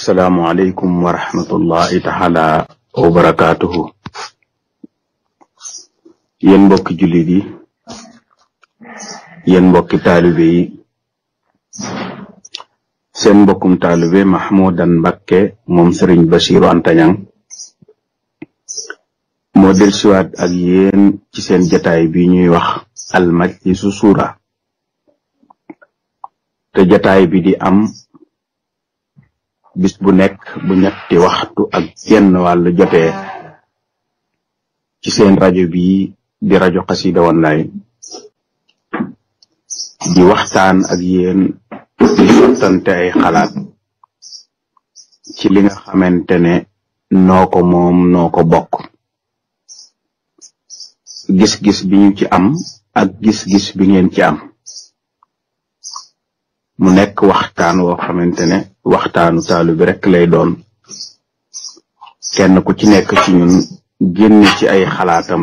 assalaamu aleykum wa rahmatullahi taala wa barakaatuhu yéen mbokki jullit yi yéen mbokki taalibe yi seen mbokkum taalibe Mahmoudan Mbacké moom Sëriñ Basiru Antañang moo del siwaat ak yéen ci seen jataay bi ñuy wax almajlisu suura te jataay bi di am bis bu nekk bu ñetti waxtu ak genn wàll jote ci seen rajo bi di rajo Xassida Online di waxtaan ak yéen di sottante ay xalaat ci li nga xamante ne noo moom noo ko bokk gis-gis bi ñu ci am ak gis-gis bi ngeen ci am mu nekk waxtaan woo xamante ne waxtaanu taalu bi rek lay doon kenn ku ci nekk ci ñun génn ci ay xalaatam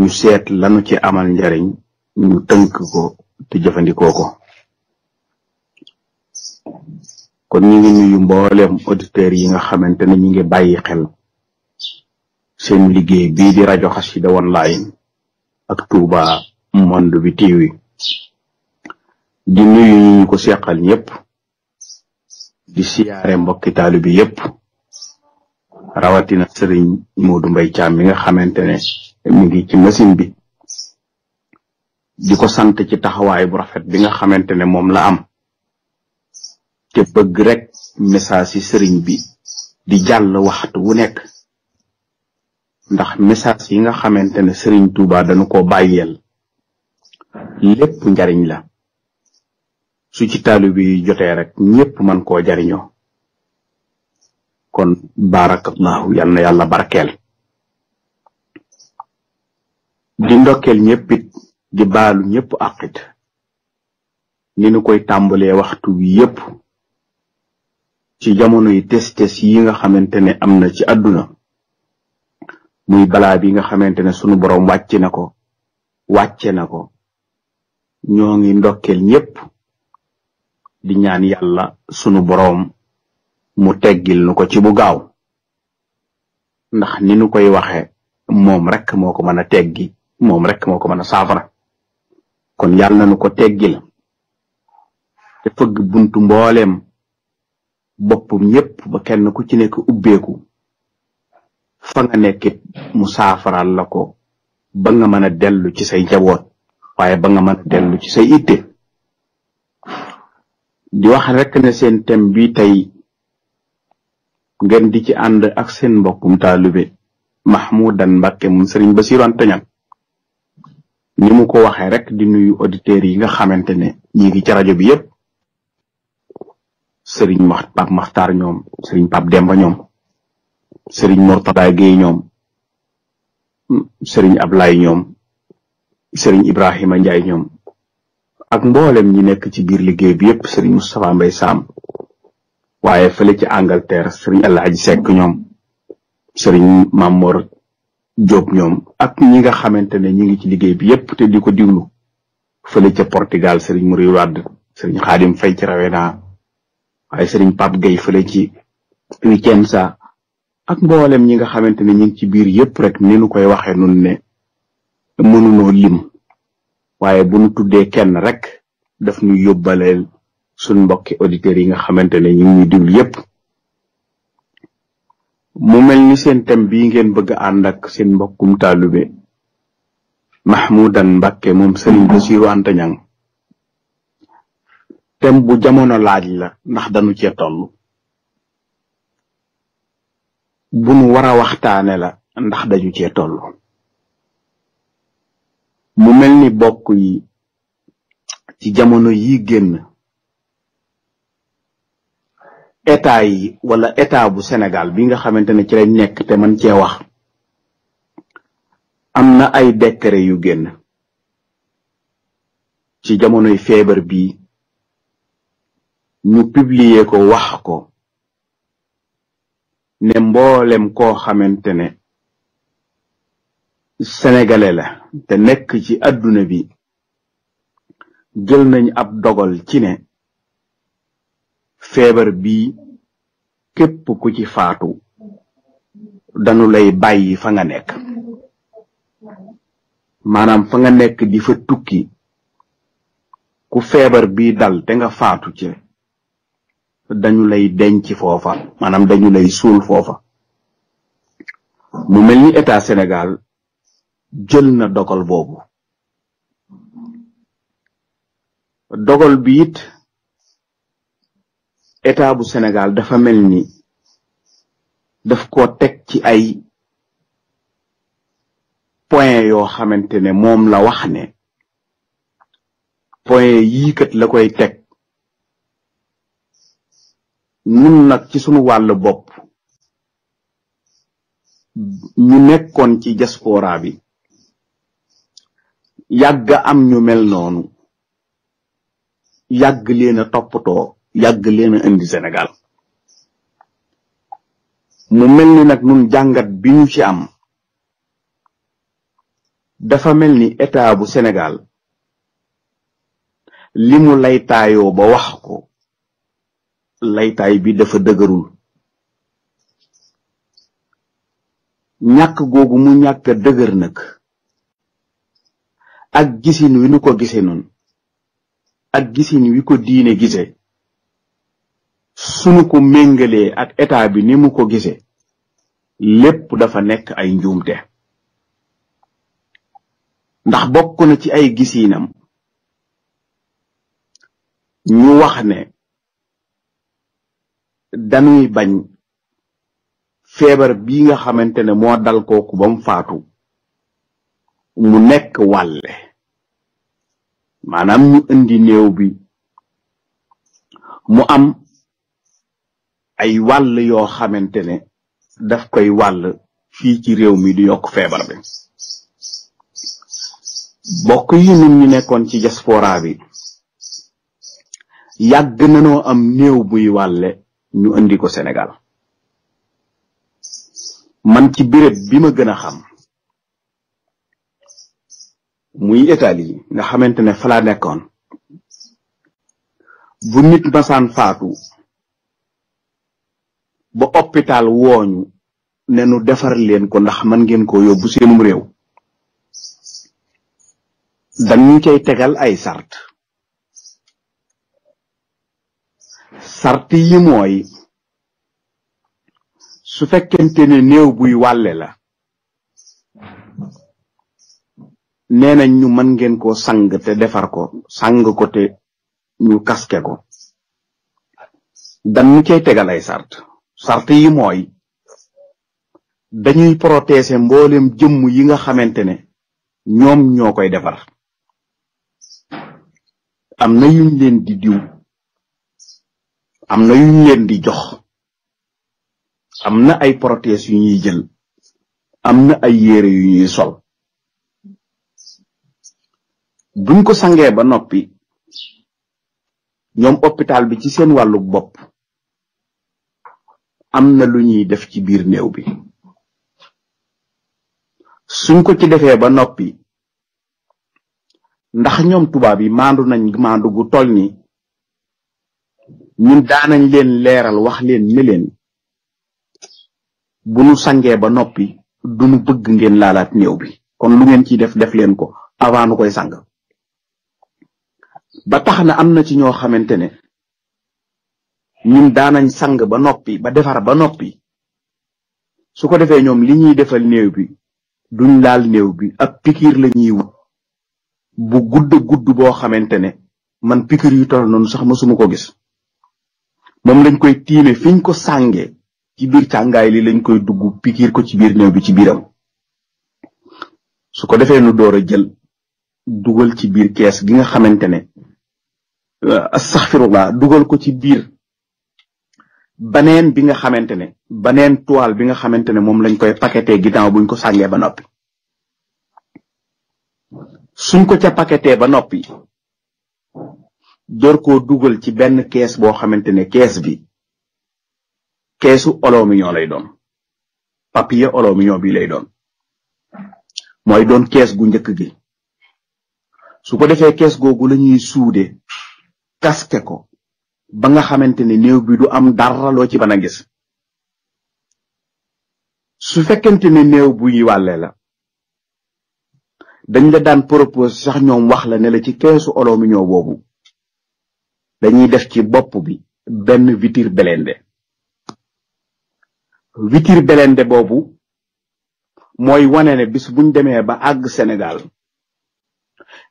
ñu seet lanu ci amal njariñ ñu tënk ko te jëfandikoo ko kon ñu ngi nuyu mboolem auditeurs yi nga xamante ne ñu ngi bàyyi xel seen liggéey bii di rajo Xassida Online ak Touba Monde bi TV di nuyu ñu ko seqal ñëpp di siyaare mbokki taalibe yëpp rawatina sëriñ Modou Mbaye Thiam mi nga xamante ne mi ngi ci machine bi di ko sant ci taxawaay bu rafet bi nga xamante ne moom la am te bëgg rek message yi sëriñ bi di jàll waxtu wu nekk ndax message yi nga xamante ne sëriñ Touba dañu ko bàyyeel lépp njariñ la su ci taalibe yi jotee rek ñépp man koo jariñoo kon barakallahu yal na yàlla barkeel di ndokkeel ñéppit di baalu ñépp àqit ni nu koy tàmbalee waxtu wi yépp ci jamono yi tes yi nga xamante ne am na ci àdduna muy balaa bi nga xamante ne sunu boroom wàcc na ko wàcce na ko ñoo ngi ndokkeel ñépp di ñaan yàlla sunu boroom mu teggil nu ko ci bu gaaw ndax ni nu koy waxe moom rek moo ko mën a teggi moom rek moo ko mën a saafara kon yàlla nu ko teggil te fëgg buntu mbooleem boppam yépp ba kenn ku ci nekk ubbeeku fa nga nekkit mu saafaral la ko ba nga mën a dellu ci say njaboot waaye ba nga mën dellu ci say itte di wax rek ne seen thème bi tey ngeen di ci ànd ak seen mbokkum taalube Mahmoudan Mbacke mu Serigne Bassirou Anta Niang ni mu ko waxee rek di nuyu auditeurs yi nga xamante ne ñi ngi ci rajo bi yépp Serigne ma Pape Makhtar ñoom Serigne Pape Demba ñoom Serigne Mourtada Gueye ñoom Serigne Ablaye ñoom Serigne Ibrahima Ndiaye ñoom ak mboolem ñi nekk ci biir liggéey bi yépp sëriñ Moustapha Mbaye Sam waaye fële ci Angleterre sëriñ Alhaji Seck ñoom sëriñ Mamor Diop ñoom ak ñi nga xamante ne ñi ngi ci liggéey bi yépp te di ko diglu fële ca Portugal sëriñ Mouride Wade sëriñ Xaadim Fay ci Rawena waaye sëriñ Pape Gueye fële ci Vicenza ak mboolem ñi nga xamante ne ñi ngi ci biir yépp rek ni nu koy waxee nun ne mënunoo lim waaye bu tuddee kenn rek daf ñu yóbbaleel suñ mbokki auditeurs yi nga xamante ne ñu ngi diglu yépp mu mel ni seen thème bii ngeen bëgg ànd ak seen mbokkum taalube Mahmoudan Mbacke moom Serigne Bassirou Anta Niang thème bu jamono laaj la ndax dañu cee toll bu nu war a waxtaane la ndax dañu cee toll mu mel ni bokk yi ci jamono yi génn état yi wala état bu Sénégal bi nga xamante ne ci lañ nekk te man cee wax am na ay décret yu génn ci jamonoy feebar bi ñu publier ko wax ko ne mboolem koo xamante ne sénégalais la te nekk ci àdduna bi jël nañ ab dogal ci ne feebar bi képp ku ci faatu dañu lay bàyyi fa nga nekk maanaam fa nga nekk di fa tukki ku feebar bi dal te nga faatu ci dañu lay denc foofa maanaam dañu lay suul foofa mu mel ni état Sénégal jël na dogal boobu dogal bi it état bu Sénégal dafa mel ni daf ko teg ci ay point yoo xamante ne moom la wax ne point yii la koy teg nun nag ci sunu wàllu bopp ñu nekkoon ci diaspora bi yàgg am ñu mel noonu yàgg leen a toppatoo yàgg leen indi Sénégal mu mel ni nag nun jàngat bi ñu ci am dafa mel ni etaa bu Sénégal li mu laytaayoo ba wax ko laytaay bi dafa dëgërul ñàkk googu mu ñàkk a dëgër nag ak gisin wi nu ko gisee noonu ak gisin wi ko diine gisee sunu ko mengalee ak état bi ni mu ko gisee lépp dafa nekk ay njuumte ndax bokk ci ay gisiinam ñu wax ne dañuy bañ feebar bi nga xamante ne moo dal kooku ba faatu mu nekk wàlle maanaam ñu indi néew bi mu am ay wàll yoo xamante ne daf koy wàll fii ci réew mi di yokk feebar bi bokk yi nun ñu nekkoon ci diaspora bi yàgg nanoo am néew buy wàlle ñu indi ko senegal man ci béréb bi ma gën a xam muy Italie nga xamante ne fa laa nekkoon bu nit masaan faatu ba hôpital wooñu ne nu defar leen ko ndax man ngeen ko yóbbu seenum réew dañu cay tegal ay sart sart yi mooy su fekkente ne néew buy wàlle la nee nañ ñu mën ngeen ko sang te defar ko sang ko te ñu kaske ko dan ñu cay tegal ay sart sart yi mooy dañuy protéger mboolem jëmm yi nga xamante ne ñoom ñoo koy defar am na yuñ leen di diw am na yuñ leen di jox am na ay prothèses yu ñuy jël am na ay yére yu ñuy sol buñ ko sangee ba noppi ñoom hopital bi ci seen wàllu bopp am na lu ñuy def ci biir néew bi suñ ko ci defee ba noppi ndax ñoom tubaab yi maandu nañ maandu gu toll ni ñun daanañ leen leeral wax leen ne leen bu nu sangee ba noppi du nu bëgg ngeen laalaat néew bi kon lu ngeen ciy def def leen ko avant nu koy sang ba tax na am na ci ñoo xamante ne ñun daanañ sang ba noppi ba defar ba noppi su ko defee ñoom li ñuy defal néew bi duñ laal néew bi ab pikiir la ñuy bu gudd gudd boo xamante ne man pikiir yu toll noonu sax ma mësuma ko gis moom lañ koy tiime fiñ ko sànge ci biir càngaay li lañ koy dugg pikiir ko ci biir néew bi ci biiram su ko defee nu door a jël dugal ci biir kees gi nga xamante ne Euh, astaxfirullah dugal ko ci biir baneen bi nga xamante ne baneen toile bi nga xamante ne moom lañ koy paqueté ginnaaw buñ ko sangee ba noppi suñ ko ca paqueté ba noppi door ko dugal ci benn kees boo xamante ne kees bi keesu olomiñoo lay doon papier olomiñoo bi lay doon mooy doon kees gu njëkk gi su ko defee kees googu lañuy suude kaste ko ba nga xamante ne néew bi du am dara loo ci mën gis su fekkente ne néew buy wàlle la dañ la daan propose sax ñoom wax la ne la ci keesu olomiñoo boobu dañuy def ci bopp bi benn vitre belende vitre belende boobu mooy wane ne bis buñ demee ba àgg senegal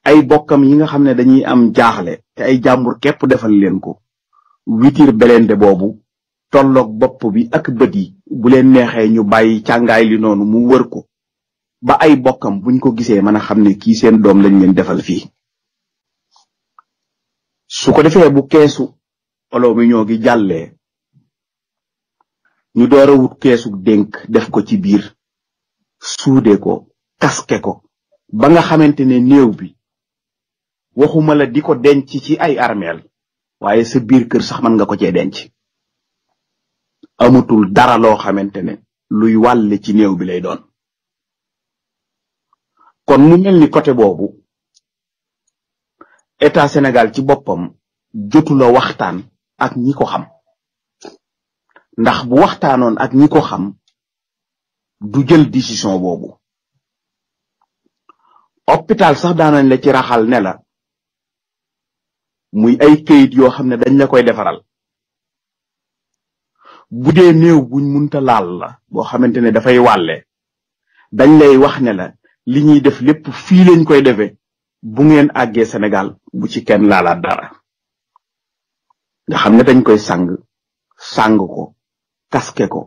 ay bokkam yi nga xam ne dañuy am jaaxle te ay jàmbur képp defal leen ko witir belende boobu tolloog bopp bi ak bët yi bu leen neexee ñu bàyyi càngaay li noonu mu wër ko ba ay bokkam buñ ko gisee mën a xam ne kii seen doom lañ leen defal fii su ko defee bu keesu olo mi ñoo gi jàllee ñu door keesu dénk def ko ci biir suude ko kaske ko ba nga xamante ne néew bi waxuma la di ko denc ci ay armeel waaye sa biir kër sax mën nga ko cee denc amatul dara loo xamante ne luy wàll ci néew bi lay doon kon mu mel ni côté boobu état Sénégal ci boppam jotula waxtaan ak ñi ko xam ndax bu waxtaanoon ak ñi ko xam du jël dicision boobu hôpital sax daanañ la ci raxal ne la muy ay kayit yoo xam ne dañ la koy defaral bu dee néew buñ munta laal la boo xamante ne dafay wàlle dañ lay wax ne la li ñuy def lépp fii lañ koy defe bu ngeen àggee Sénégal bu ci kenn laalaat dara nga xam ne dañ koy sang sang ko kaske ko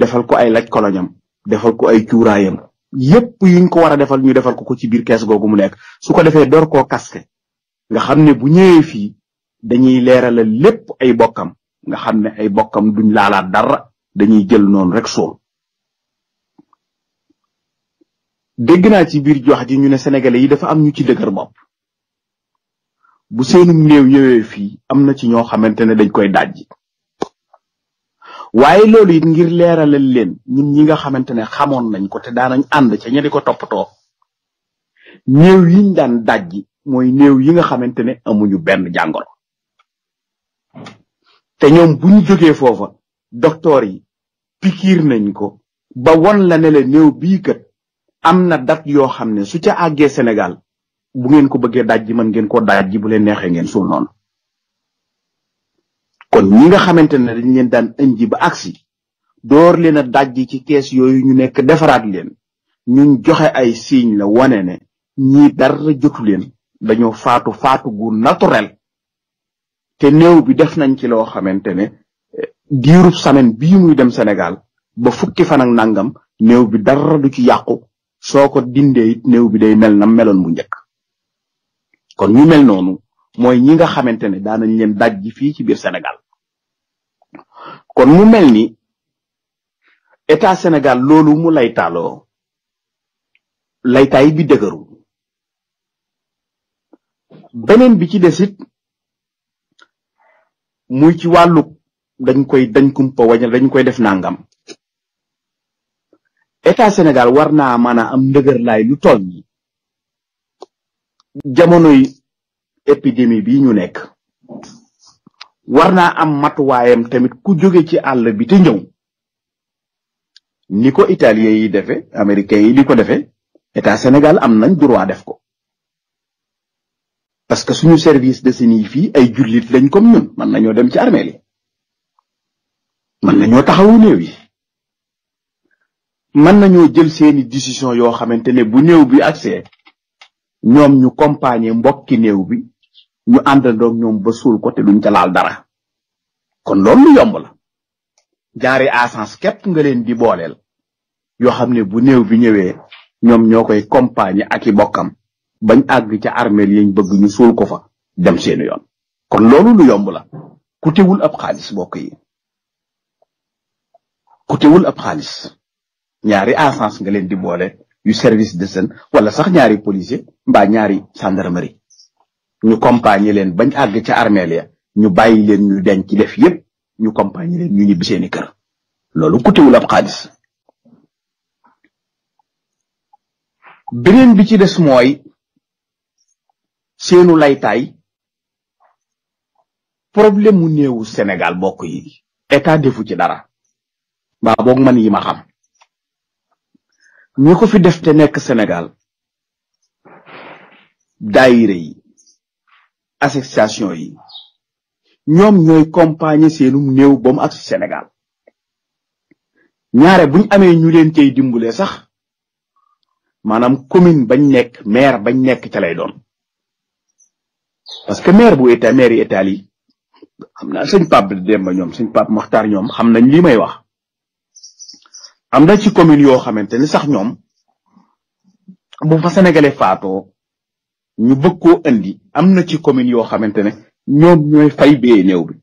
defal ko ay laj koloñam defal ko ay cuuraayam yépp yuñ ko war a defal ñu defal ko ko ci biir kees googu mu nekk su ko defee door koo kaske nga xam ne bu ñëwee fii dañuy leeralal lépp ay bokkam nga xam ne ay bokkam duñ laalaat dara dañuy jël noonu rek sool dégg naa ci biir jox ji ñu ne sénégalais yi dafa am ñu ci dëgër bopp bu seenum néew ñëwee fii am na ci ñoo xamante ne dañ koy dajji waaye loolu it ngir leeralal leen ñun ñi nga xamante ne xamoon nañ ko te daanañ ànd ca ña di ko toppatoo néew yiñ daan dajji mooy néew yi nga xamante ne amuñu benn jàngoro te ñoom bu ñu jógee foofa docteur yi pikiir nañ ko ba won la ne la néew bii kat am na dat yoo xam ne su ca àggee Sénégal bu ngeen ko bëggee daj ji mën ngeen koo daj ji bu leen neexee ngeen suul noonu kon ñi nga xamante ne dañ leen daan indi ba agsi door leen a daj ci kees yooyu ñu nekk defaraat leen ñun joxe ay siiñ la wane ne ñii dara jotu leen dañoo faatu faatu gu naturel te néew bi def nañ ci loo xamante ne diirub semaine bii muy dem Sénégal ba fukki fan ak nangam néew bi dara du ci yàqu soo ko dindee it néew bi day mel na meloon bu njëkk kon ñu mel noonu mooy ñi nga xamante ne daanañ leen daj fii ci biir Sénégal kon mu mel ni état Sénégal loolu mu laytaaloo laytaay bi dëgëru beneen bi ci des it muy ci wàllu dañ koy dañ kumpa wañal dañ koy def nangam état Sénégal war naa maanaam am ndëgër laay lu toll nii jamonoy épidémie bi ñu nekk war naa am matuwaayam tamit ku jóge ci àll bi te ñëw ni ko italien yi defe américain yi di ko defe état Sénégal am nañ droit def ko parce que suñu service de seeni fii ay jullit lañ comme ñun mën nañoo dem ci armeel yi mën nañoo taxawu néew yi mën nañoo jël seeni décision yoo xamante ne bu néew bi accès ñoom ñu compagner mbokki néew bi ñu àndandoog ñoom ba suul ko te duñ ca dara kon loolu lu yomb la jaari asens képp nga leen di booleel yoo xam ne bu néew bi ñëwee ñoom ñoo koy compagner ak i mbokkam bañ àgg ca armeel yañ bëgg ñu suul ko fa dem seeni yoon kon loolu lu yomb la ku tewul ab xaalis bokk yi ku tewul ab xaalis ñaari agence nga leen di boole yu service de sen wala sax ñaari policier mbaa ñaari gendarmerie ñu compagnie leen bañ àgg ca armeel ya ñu bàyyi leen ñu denc def yépp ñu compagnie leen ñu ñibbi seeni kër loolu ku wul ab xaalis beneen bi ci des mooy seenu laytaay problème mu néewu Sénégal bokk yi état defu ci dara mbaa boog man yi ma xam ñi ko fi def te nekk Sénégal daayire yi association yi ñoom ñooy compagnie seenum néew bom ak si Sénégal ñaare buñ amee ñu leen cay dimbule sax maanaam commune bañ nekk maire bañ nekk ca lay doon parce que maire bu état maire yi état yi xam naa sëñ Pape Demba ñoom sëñ Pape Mokhtar ñoom xam nañ li may wax am na ci commune yoo xamante ne sax ñoom bu fa sénégalais faatoo ñu bëgg ko indi am na ci commune yoo xamante ne ñoom ñooy fay bee néew bi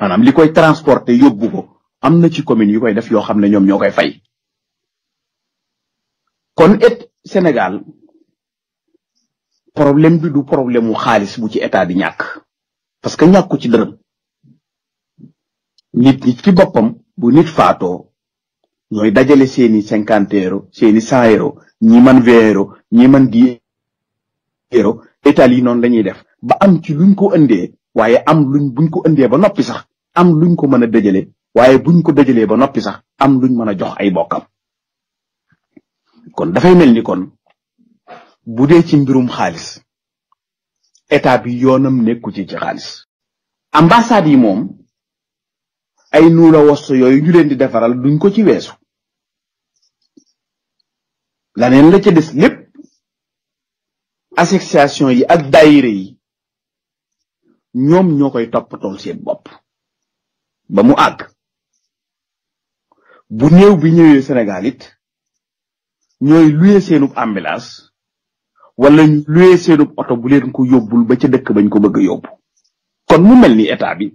maanaam li koy transporter yóbbu am na ci commune yu koy def yoo xam ne ñoom ñoo koy fay kon et Sénégal problème bi du problème mu xaalis bu ci état di ñàkk parce que ñàkku ci dërëm nit nit ci boppam bu nit faatoo ñooy dajale seeni cinquante euro seeni cent euro ñi man vingt euro ñi man dix euro état yi noonu lañuy def ba am ci luñ ko indee waaye am luñ buñ ko indee ba noppi sax am luñ ko mën a dajale waaye buñ ko dajalee ba noppi sax am luñ mën a jox ay bokkam kon dafay mel ni kon bu dee ci mbirum xaalis état bi yoonam nekku ci ci xaalis ambassade yi moom ay nuula wosto yooyu ñu leen di defaral duñ ko ci weesu laneen la ca des lépp association yi ak daayire yi ñoom ñoo koy toppatool seen bopp ba mu àgg bu néew bi ñëwee Sénégal it ñooy luye seenub ambilaas wala ñu luwee seenub oto bu ko yóbbul ba ca dëkk bañ ko bëgg a yóbbu kon mu mel ni état bi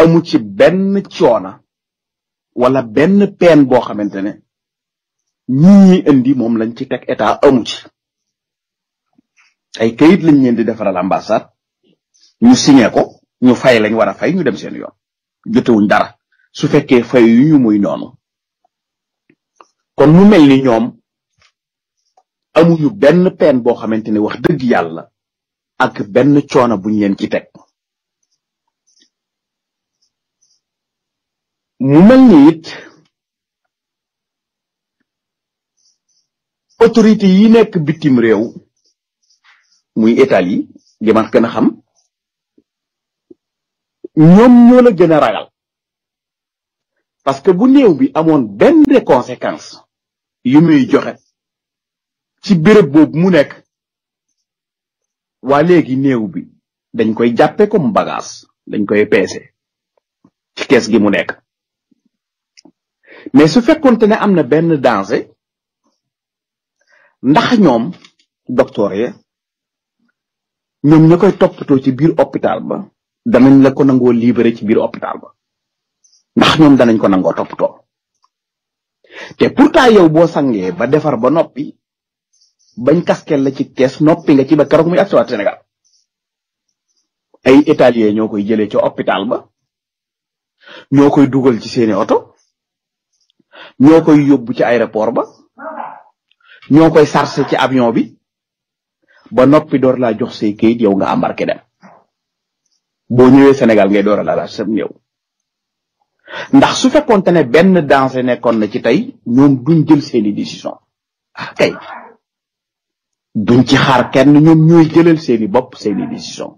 amu ci benn coona wala benn peen boo xamante ne ñii ñi indi moom lañ ci teg état amu ci ay kayit lañ leen di defaral ambassade ñu signé ko ñu fay lañ war a fay ñu dem seen yoon jotewuñ dara su fekkee fay yu ñu muy noonu kon mu mel ni ñoom amuñu benn pen boo xamante ni wax dëgg yàlla ak benn coono bu leen ci teg mu mel ni it autorité yi nekk bitim réew muy Italie gi ma xam ñoom ñoo a gën a ragal parce que bu néew bi amoon benn conséquence yu muy joxe ci béréb boobu mu nekk waa léegi néew bi dañ koy jàppe comme bagage dañ koy peese ci kees gi mu nekk mais su fekkonte ne am na benn danger ndax ñoom docteur ya ñoom ña koy toppatoo ci biir hôpital ba danañ la ko nangoo libéré ci biir hôpital ba ndax ñoom danañ ko nangoo toppatoo te pourtant yow boo sangee ba defar ba noppi bañ kaskel la ci kees noppi nga ci ba keroog muy agsiwaat Sénégal ay italien ñoo koy jëlee ca hôpital ba ñoo koy dugal ci seeni oto ñoo koy yóbbu ci aéroport ba ñoo koy sarse ci avion bi ba noppi door laa jox say kayit yow nga embarqué dem boo ñëwee Sénégal ngay door a laalaat sam ñëw ndax su fekkoonte ne benn danger nekkoon na ci tey ñoom duñ jël seeni décision ah, kay duñ ci xaar kenn ñoom ñooy jëlal seeni bopp seeni décision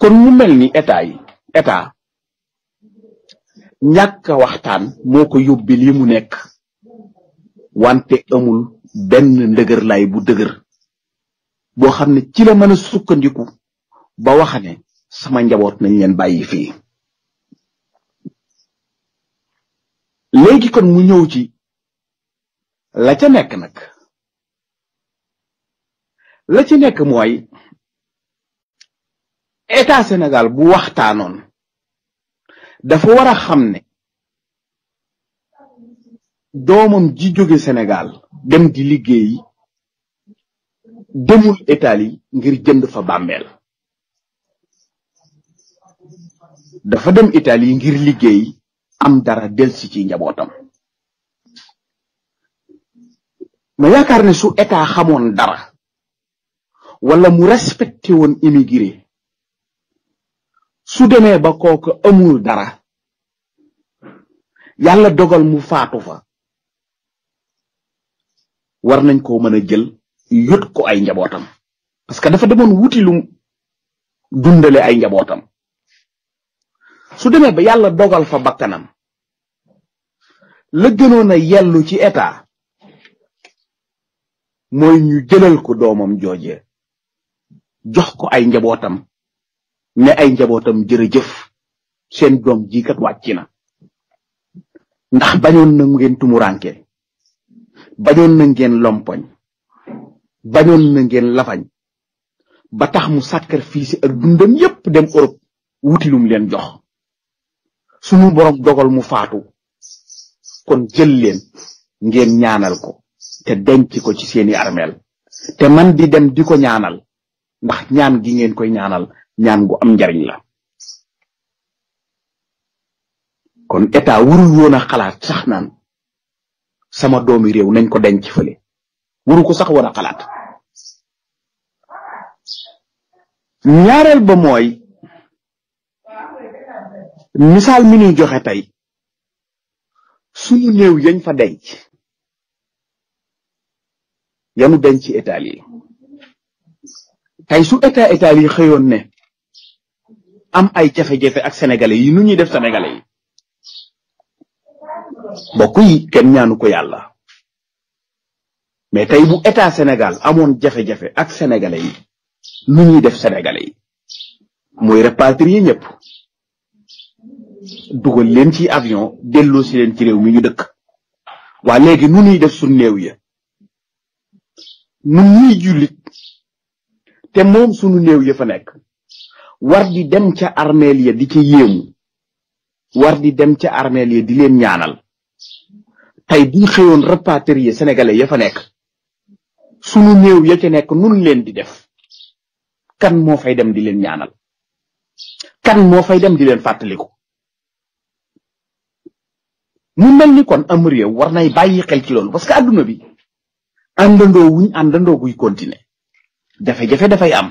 kon mu mel ni état yi état ñàkk a waxtaan moo ko yóbbi li mu nekk wante amul benn ndëgërlaay bu dëgër boo xam ne ci la mën sukkandiku ba waxa ne sama njaboot nañ leen bàyyi fii léegi kon mu ñëw ci la ca nekk nag la ci nekk mooy état Sénégal bu waxtaanoon dafa wara xam ne doomam ji jóge Sénégal dem di liggéey demul Italie ngir jënd fa bàmmeel dafa dem Italie ngir liggéey am dara delsi ci njabootam ma yaakaar ne su état xamoon dara wala mu respecté woon immigré su demee ba kooku amul dara yàlla dogal mu faatu fa war nañ ko mën a jël yot ko ay njabootam parce que dafa demoon wuti lu dundale ay njabootam su demee ba yàlla dogal fa bakkanam la gënoon a yellu ci état mooy ñu jëlal ko doomam jooje jox ko ay njabootam ne ay njabootam jërëjëf seen doom ji kat na ndax bañoon na ngeen tumuranke bañoon na ngeen lompoñ bañoon na ngeen lafañ ba tax mu sacrifice ak dundam yépp dem Europe wuti lum leen jox sunu borom dogal mu faatu kon jël leen ngeen ñaanal ko te denc ko ci seeni armeel te man di dem di ko ñaanal ndax ñaan gi ngeen koy ñaanal ñaan gu am njariñ la kon état warul woon a xalaat sax naan sama doomi réew nañ ko denc fële wurul ko sax woon a xalaat ñaareel ba mooy misaal mi ñuy joxe tey suñu néew yañ fa denc yanu denc étal yi tey su état étal yi xëyoon ne am ay jafe-jafe ak sénégalais yi nu ñuy def sénégalais yi mbokk yi kenn ñaanu ko yàlla mais tey bu état Sénégal amoon jafe-jafe ak sénégalais yi nu ñuy def sénégalais yi mooy rapatrier ñëpp dugal leen ci avion delloo si leen ci réew mi ñu dëkk waa léegi nu ñuy def suñ néew ya nun ñuy jullit te moom sunu néew ya fa nekk war di dem ca armeel ya di ca yéemu war di dem ca armeel ya di leen ñaanal tey buñ xëyoon rapatrier sénégalais ya fa nekk sunu néew ya nekk nun leen di def kan moo fay dem di leen ñaanal kan moo fay dem di leen fàttaliku mu mel ni kon am réew war nay bàyyi xel ci loolu parce que adduna bi àndandoo wuñ àndandoo buy continuer jafe-jafe dafay am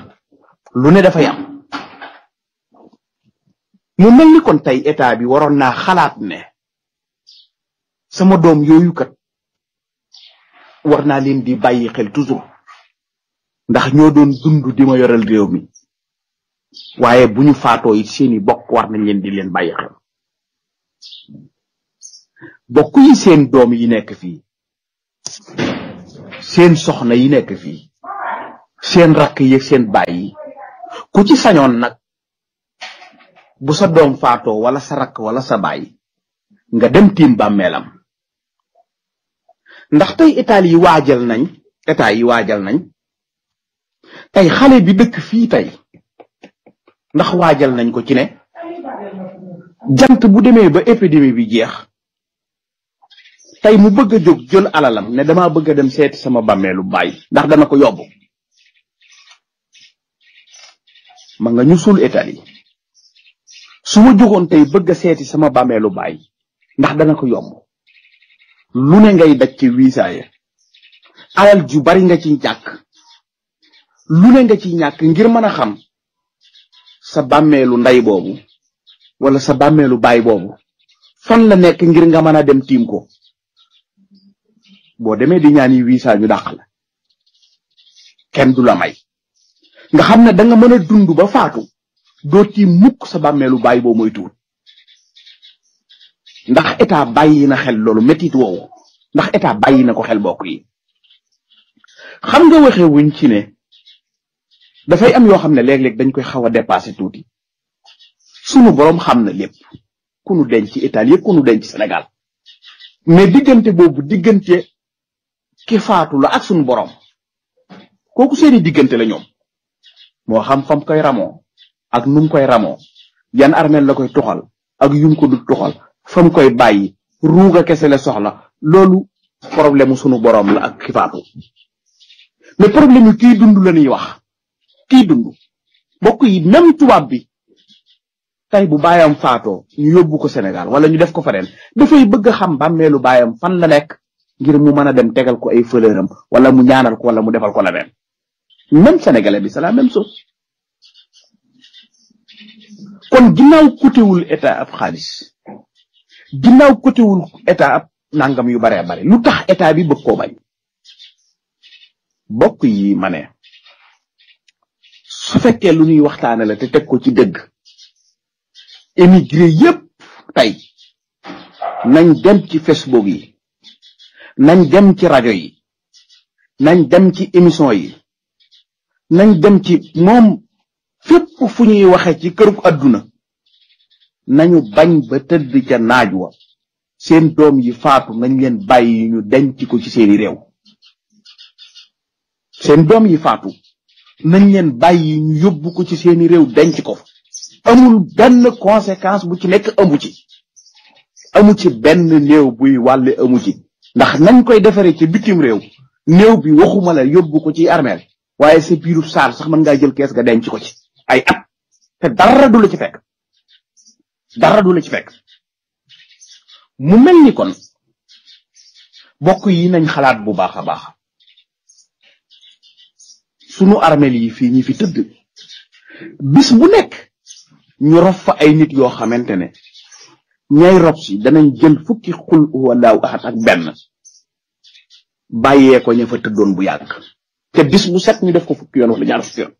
lu ne dafay am mu mel ni kon tey état bi waroon naa xalaat ne sama doom yooyu kat war naa leen di bàyyi xel toujours ndax ñoo doon dund di ma yoral réew mi waaye buñu ñu seeni bokk war nañ leen di leen bàyyi xel bokk yi seen doom yi nekk fii seen soxna yi nekk fi seen rakk yi seen baay yi ku ci sañoon nag bu sa doom faatoo wala sa rakk wala sa baay nga dem tiim bàmmeelam ndax tey état yi waajal nañ état yi waajal nañ tey xale bi dëkk fii tey ndax waajal nañ ko ci ne jant bu demee ba épidémie bi jeex tey mu bëgg a jóg jël alalam ne damaa bëgg a dem seeti sama bàmmeelu baay ndax dana ko yóbbu ma nga ñu suul Italie su ma jógoon tey bëgg a seeti sama bameelu baay ndax dana ko yomb lu ne ngay daj ci wiisaaya alal ju bari nga ci ñàkk lu ne nga ci ñàkk ngir mën a xam sa bàmmeelu ndey boobu wala sa bàmmeelu baay boobu fan la nekk ngir nga mën a dem tiim ko boo demee di ñaan yi visa ñu dàq la kenn du la may nga xam ne danga nga mën a dund ba faatu doo tiim mukk sa bàmmeelu baay boo mooy tuut ndax état yi na xel loolu métit woowu ndax état bàyyi na ko xel bokk yi xam nga waxee wuñ ci ne dafay am yoo xam ne léeg-léeg dañ koy xaw a dépassé tuuti sunu boroom xam na lépp ku nu denc ci Italie ku nu denc Sénégal mais diggante boobu diggante ki faatu la ak sunu borom kooku seeni diggante la moo xam fam koy ramoo ak num koy ramo yan armeel la koy tuxal ak yum ko du fam koy bàyyi ruuga kese la soxla loolu problème mu sunu borom la ak ki faatu mais problème yi kiy la ñuy wax kiy dund mbokk yi même tubaab bi tey bu baayam faatoo ñu yóbbu ko senegal wala ñu def ko feneen dafay bëgg a xam bàmmeelu baayam fan la nekk ngir mu mën a dem tegal ko ay fleuram wala mu ñaanal ko wala mu defal ko la même même sénégalais bi c'est la même chose kon ginnaaw côtéwul état ab xaalis ginnaaw côtéwul état ab nangam yu baree bare lu tax état bi bëgg koo bañ bokk yi ma ne su fekkee lu ñuy waxtaane la te teg ko ci dëgg émigré yépp tey nañ dem ci Facebook yi nañ dem ci rajo yi nañ dem ci émission yi nañ dem ci moom fépp fu ñuy waxe ci kërug àdduna nañu bañ ba tëdd ca naaj wa seen doom yi faatu nañ leen bàyyi ñu denc ko ci seeni réew seen doom yi faatu nañ leen bàyyi ñu yóbbu ko ci seeni réew denc ko amul benn conséquence bu ci nekk amu ci amu ci benn néew buy wàlle amu ci ndax nañ koy defaree ci bitim réew néew bi waxuma la yóbbu ko ci armeel waaye sa biiru saar sax man ngaa jël kees ga denc ko ci ay at te dara du la ci fekk la ci fekk mu mel ni kon bokk yi nañ xalaat bu baax a baax sunu armeel yi fii ñi fi tëdd bis bu nekk ñu rof fa ay nit yoo xamante ne ñay rob si danañ jël fukki xul wallaahu ahad ak benn bàyyee ko ña fa tëddoon bu yàgg te bis bu set ñu def ko fukki yoon wala ñaar fukki yoon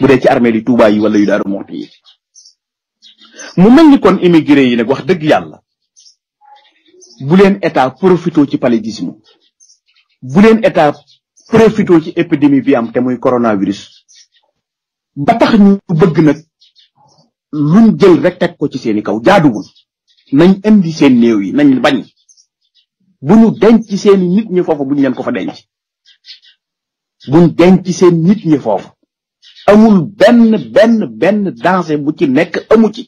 bu dee ci armée di Touba yi wala yu Daaru Muxti yi mu mel ni kon immigré yi ne wax dëgg yàlla bu leen état profito ci paludisme bu leen état profito ci épidémie bi am te muy coronavirus ba tax ñu bëgg nag luñ jël rek teg ko ci seeni kaw jaaduwul nañ indi seen néew yi nañ bañ bu ñu denc seen nit ñi foofu buñ leen ko fa denc buñ denc seen nit ñi foofu amul benn benn benn danger bu ci nekk amu ci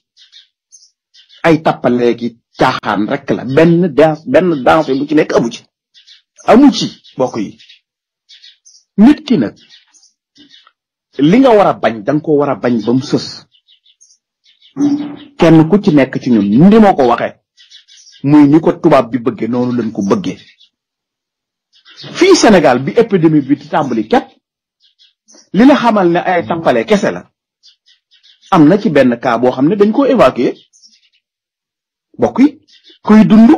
ay tappaleeki caaxaan rek la benn danse benn danger bu ci nekk amu ci amu ci bokk yi nit ki nag li nga war a bañ danga ko war a bañ ba mu sës kenn ku ci nekk ci ñu ni ma ko waxee muy ni ko tubaab bi bëggee noonu lañ ko bëggee fii Sénégal bi épidémie bi di tàmbali képp li la xamal ne ay tampale kese la am na ci benn kaa boo xam ne dañ ko évacuer bokk yi kuy dund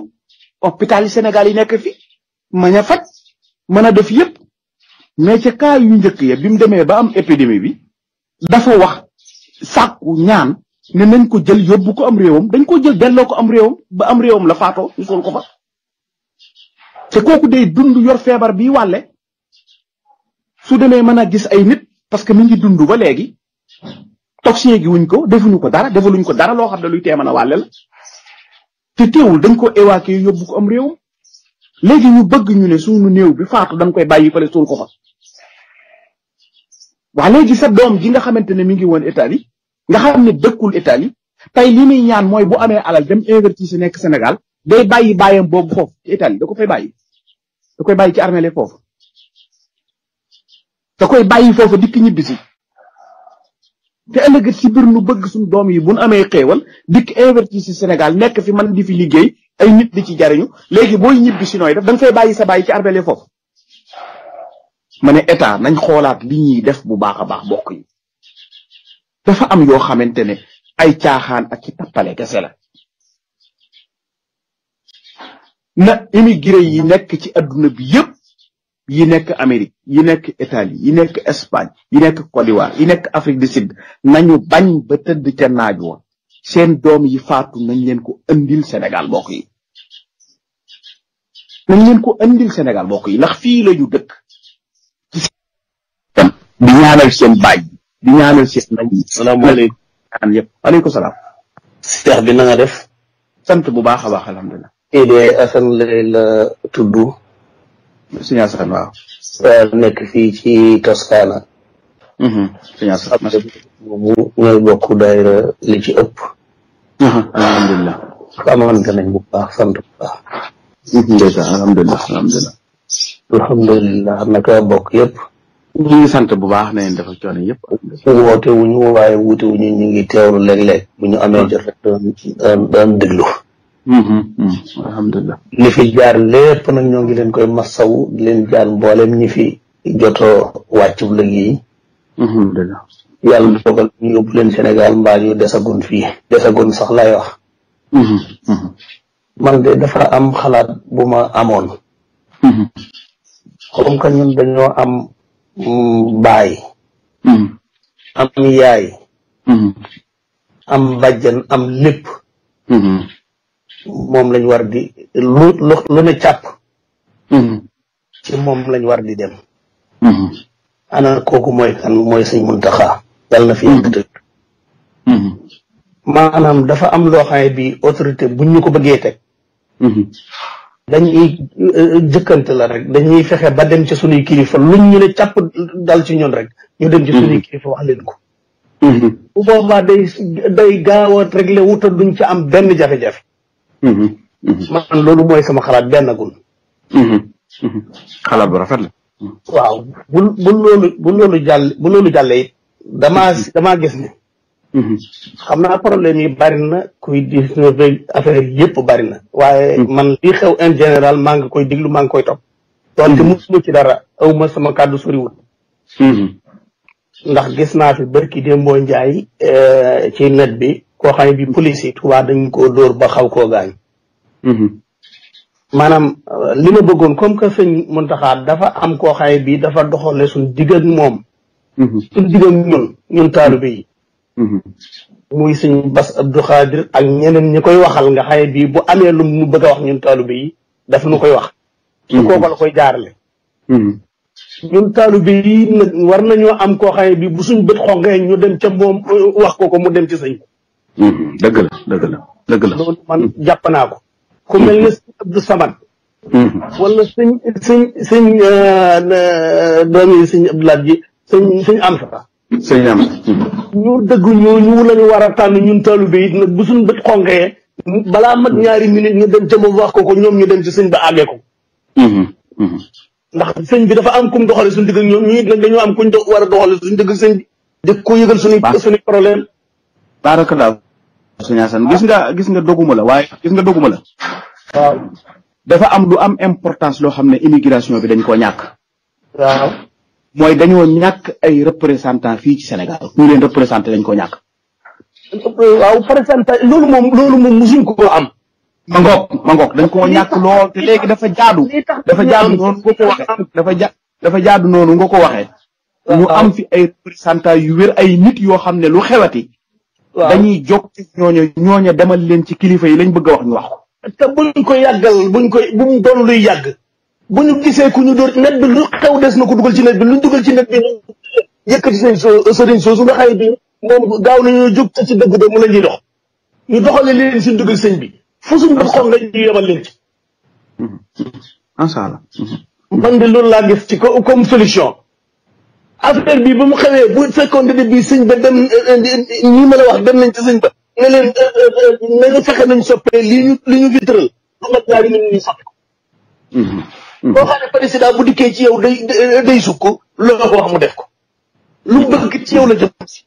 hôpital yi Sénégal yi nekk fi mën a faj mën a def yëpp mais ca yu njëkk ye bi mu demee ba am épidémie bi dafa wax sàkku ñaan ne nañ ko jël yóbbu ko am réewam dañ ko jël delloo ko am réewam ba am réewam la faatoo ñu suul ko fa te kooku day dund yor feebar bi wàlle su demee mën a gis ay nit parce que mi ngi dund ba léegi toxin gi wuñ ko defuñu ko dara defaluñ ko dara loo xam ne luy tee mën a wàlle la te teewul dañ ko évacuer yóbbu ko am réewam léegi ñu bëgg ñu ne suñu néew bi faatu dañ koy bàyyi fële suul ko fa waa léegi sa doom ji nga xamante ne mi ngi woon yi nga xam ne dëkkul Italie tey li muy ñaan mooy bu amee alal dem investir si nekk senegal day bàyyi bàyyam boobu foofu ci Italie da ko fay bàyyi da koy bàyyi ci armée foofu da koy bàyyi foofu dikk ñibbisi te ëllëg si biir nu bëgg suñu doom yi bu amee xéewal dikk investir si senegal nekk fi man di fi liggéey ay nit di ci jariñu léegi booy ñibbisi nooy def da nga bàyyi sa bàyyi ci armée le foofu ma ne état nañ xoolaat li ñuy def bu baax a baax bokk yi dafa am yoo xamante ne ay caaxaan ak tappale kese la na immigré yi nekk ci adduna bi yëpp yi nekk Amérique yi nekk Italie yi nekk Espagne yi nekk Côte d'Ivoire yi nekk Afrique du Sud nañu bañ ba tëdd ca naaj woon seen doom yi faatu nañ leen ko andil Sénégal mbokk yi leen ko andil Sénégal yi ndax fii la ñu dëkk. di ñaanal seen baaj. di ñaanal si salaamaaleykum ñaan yëpp salaam seex bi def sant bu baax a baax alhamdulilah kii de Assane lay la tudd suñu nekk fii ci Toscana mhm. suñu Assane boobu ñooy bokk daayira li ci ëpp mhm, alhamdulilah amante nañ bu baax sant mhm, alhamdulilah alhamdulilah alhamdulilah ñu ngi sant bu baax na leen dafa coono yëpp. woote wu ñu waaye wuute wu ñu ñu ngi teewlu léeg-léeg bu ñu amee jot rek doon doon déglu. Mm-hmm, mm-hmm. alhamdulilah. li fi jaar lépp nag ñoo ngi leen koy masawu di leen jaar mboolem ñi fi joto wàccu lëg yi. alhamdulilah. yàlla dogal ñu yóbbu leen Sénégal mbaa sax lay wax. Mm-hmm, man de dafa am xalaat bu ma amoon. comme que ñun dañoo am. baay hmm. am yaay hmm. am bàjjan am lépp hmm. moom lañ war di lu lu lu ne càpp ci moom lañ war di dem ana kooku mooy kan mooy sëñ Muntaxa yàlla na fi yàgg dafa am loo xam ne bi autorité buñ ñu ko bëggee teg dañ euh, euh, jëkkante la rek dañuy fexe ba dem ci sunuy kilifa luñ ñu ne càpp dal ci ñun rek ñu dem ci sunuy mm-hmm. kilifa wax leen ko mm-hmm. bu boobaa day day gaaw a réglé wuta duñ ci am benn jafe-jafe mm-hmm. man loolu mooy sama xalaat benn gun xalaat bu rafet la waaw bu bu loolu bu loolu jàll bu loolu jàlle it damaa gis ni Mm-hmm. xam naa problème yi bari na kuy di affaire yëpp bari na. waaye mm-hmm. man li xew in général maa nga koy déglu maa ngi koy topp. Mm-hmm. doonte musuma ci dara aw ma sama kàddu soriwul. ndax gis naa fi barki Dembo Ndiaye eh, ci net bi koo xam bi police yi Tuubaa dañ koo dóor ba xaw koo gaañ. maanaam eh, li ma bëggoon comme que sëñ Muntaxa dafa am koo xam ne dafa doxale suñ digg moom. suñ digg ñun ñun taalibe muy suñu bas Abdou Khadir ak ñeneen ñi koy waxal nga xaye bii bu amee lu mu bëgg wax ñun taalibe yi daf nu koy wax su mm-hmm. kooku la koy jaarale mm-hmm. ñun taalibe yi nag war nañoo am koo xaye bi bu suñ bët xonqee ñu dem ca moom wax ko ko mu dem ci sëñ mm-hmm. dëgg la dëgg la dëgg la jàpp naa ko ku mel ne sëñ Abdou Samad wala sëñ sëñ sëñ euh, euh, doomi sëñ Abdoulaye ji am sa sëñ am ñu dëggu ñooñu la ñu war a tànn ñun taalibe yi nag bu suñ bët xonkee balaa mat ñaari minute ñu dem ca ma wax ko ko ñoom ñu dem ci sëñ ba àggee ko mhm, mhm. ndax sëñ bi dafa am kum doxale suñu digg ak ñoom ñii nag dañoo am kuñ do war a doxale suñu digg ak sëñ bi di ko yëgal suñu suñu problème baarakallaa sëñ Asan gis nga gis nga doguma la waaye gis nga doguma la waaw dafa am lu am importance loo xam ne immigration bi dañ ko ñàkk waaw mooy dañoo ñàkk ay représentant fii ci Sénégal ñu leen représenté dañ ko ñàkk. waaw représentant loolu moom loolu moom musuñ ko am. ma ngoog ma ngoog dañ koo ñàkk lool te léegi dafa jaadu. dafa jaadu noonu nga ko waxee dafa ja dafa jaadu noonu nga ko waxee. ñu am fi ay représentant yu wér ay nit yoo xam ne lu xewati. dañuy jóg ci ñooñu ñooñu demal leen ci kilifa yi lañ bëgg a wax ñu wax buñ ko yàggal buñ koy bu mu doon yàgg. bu ñu gisee ku ñu dóor net bi lu xew des na ko dugal ci net bi lu ñu dugal ci net bi ñu yëkkati seen sëriñ soosu nga xay bi moom gaaw nañoo ñu te ci dëgg de mu la ñuy dox ñu doxale leen suñ dugal sëñ bi fu suñ dox xool nga ñu yebal leen ci inshallah mm-hmm. mm-hmm. man de loolu laa gis ci comme solution affaire bi ba mu xewee bu fekkoon ne bii sëñ ba dem euh, euh, ñi ma la wax dem nañ ci sëñ ne leen euh, nañu fexe nañ soppee li ñu li ñu fi tëral lu mat ñaari nit ñuy soppi boo xam ne président bu dikkee ci yow day day sukk loo ko wax mu def ko lu mu ci yow la jëm si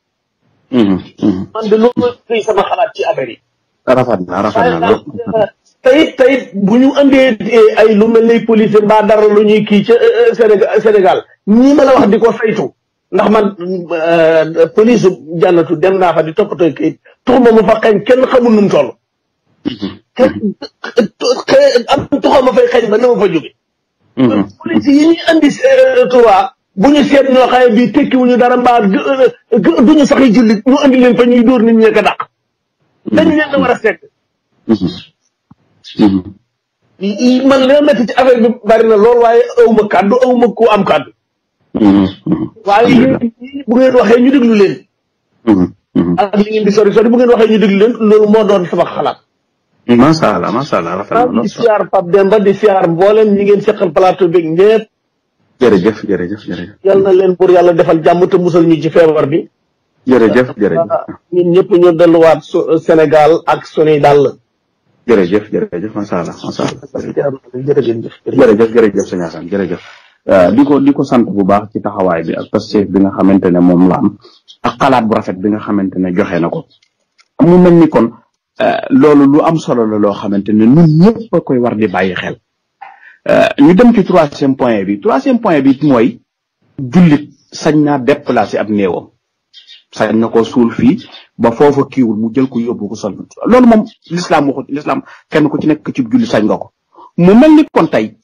mhm, mhm. man de loolu koy sama xalaat ci affaire yi rafet na rafet na tayit tayit bu ñu andee eh, ay lu mel ne police mbaa dara lu ñuy kii ca eh, eh, Sénégal ñii ma la wax di ko saytu ndax man police jànnatu dem naa fa di toppatoo kayit tuxuma fa xeeñ kenn xamul nu mu toll. Mhm, kenn am tuxuma fay xeeñ ba ne ma fa jóge Mmh. police yi ñuy andi euh, bu ñu seet ñoo xaye bi tekkiwuñu dara mbaa duñu euh, sax yi jullit ñu andi leen fa ñuy dóor nit ñi ka dàq mmh. dañu leen na war a sekk mmh. man li ma métti bi bari na lool waaye awma kàddu awma ku am kàddu waaye yéen bu ngeen waxee ñu déglu leen ak li ngeen di sori sori bu ngeen waxee ñu déglu leen loolu moo doon sama xalaat macha allah macha allah rafet na di siyaar Pape Demba di siyaar mboolem ñi ngeen seqal plateau beeg ñëpp. jërëjëf jërëjëf jërëjëf. yal leen pour yàlla defal jàmm te musal ñu ci feebar bi. jërëjëf jërëjëf. Ah, ñun ñëpp ñu delluwaat euh, Sénégal ak sunuy dàll. jërëjëf jërëjëf macha allah macha allah. jërëjëf jërëjëf jërëjëf sëñ Assane jërëjëf. Euh, di ko di ko sant bu baax ci taxawaay bi ak pasteef bi nga xamante ne moom la am ak bu rafet bi nga xamante ne joxe na ko Euh, loolu lu am solo la loo xamante ne ñun ñëpp war di bàyyi xel euh, ñu dem ci troisième point bi troisième point bi mooy jullit sañ naa déplacer ab néewam sañ na ko suul fii ba foofa kiiwul mu jël ko yóbbu ko sol loolu moom l'islam waxu kenn ko ci nekk ci jullit sañ nga ko mu mel ni kon tey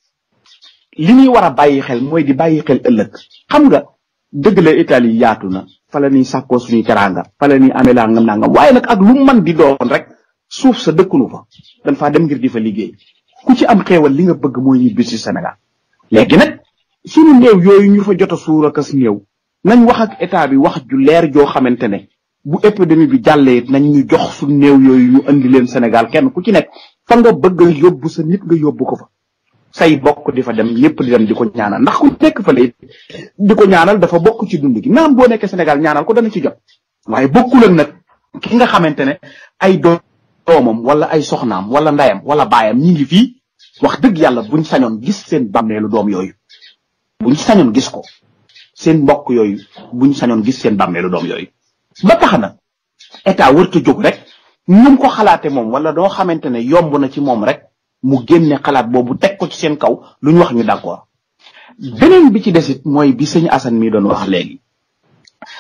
li ñuy war a bàyyi xel mooy di bàyyi xel ëllëg xam nga dëgg la Italie yaatu na fala ni ñuy sàkkoo suñuy teraanga fa la ñuy amee laa ngam waaye nag ak lu mën di doon rek suuf sa dëkkunu fa dañ faa dem ngir di fa liggéey ku ci am xeewal li nga bëgg mooy ñibbi si senegal léegi nag suñu néew yooyu ñu fa jot a suur akas néew nañ wax ak état bi wax ju leer joo xamante ne bu épidémie bi jàllee nañ ñu jox suñu néew yooyu ñu andi leen Sénégal kenn ku ci nekk fa nga bëgg yóbbu sa nit nga yóbbu ko fa say bokk di fa dem ñëpp di dem di ko ñaanal ndax ku nekk fa lay di ko ñaanal dafa bokk ci dund gi naam boo nekkee Sénégal ñaanal ko dana ci jot waaye bokkul ak nag ki nga xamante ne ay doom doomam wala ay soxnaam wala ndayam wala baayam ñi ngi fii wax dëgg yàlla buñ sañoon gis seen bàmmeelu doom yooyu buñ sañoon gis ko seen mbokk yooyu buñ sañoon gis seen bàmmeelu doom yooyu ba tax na état wërta jóg rek num ko xalaate moom wala doo xamante ne yomb na ci moom rek mu génne xalaat boobu teg ko ci seen kaw lu ñu wax ñu d'accord beneen bi ci desit mooy bi sëñ Assane mi doon wax léegi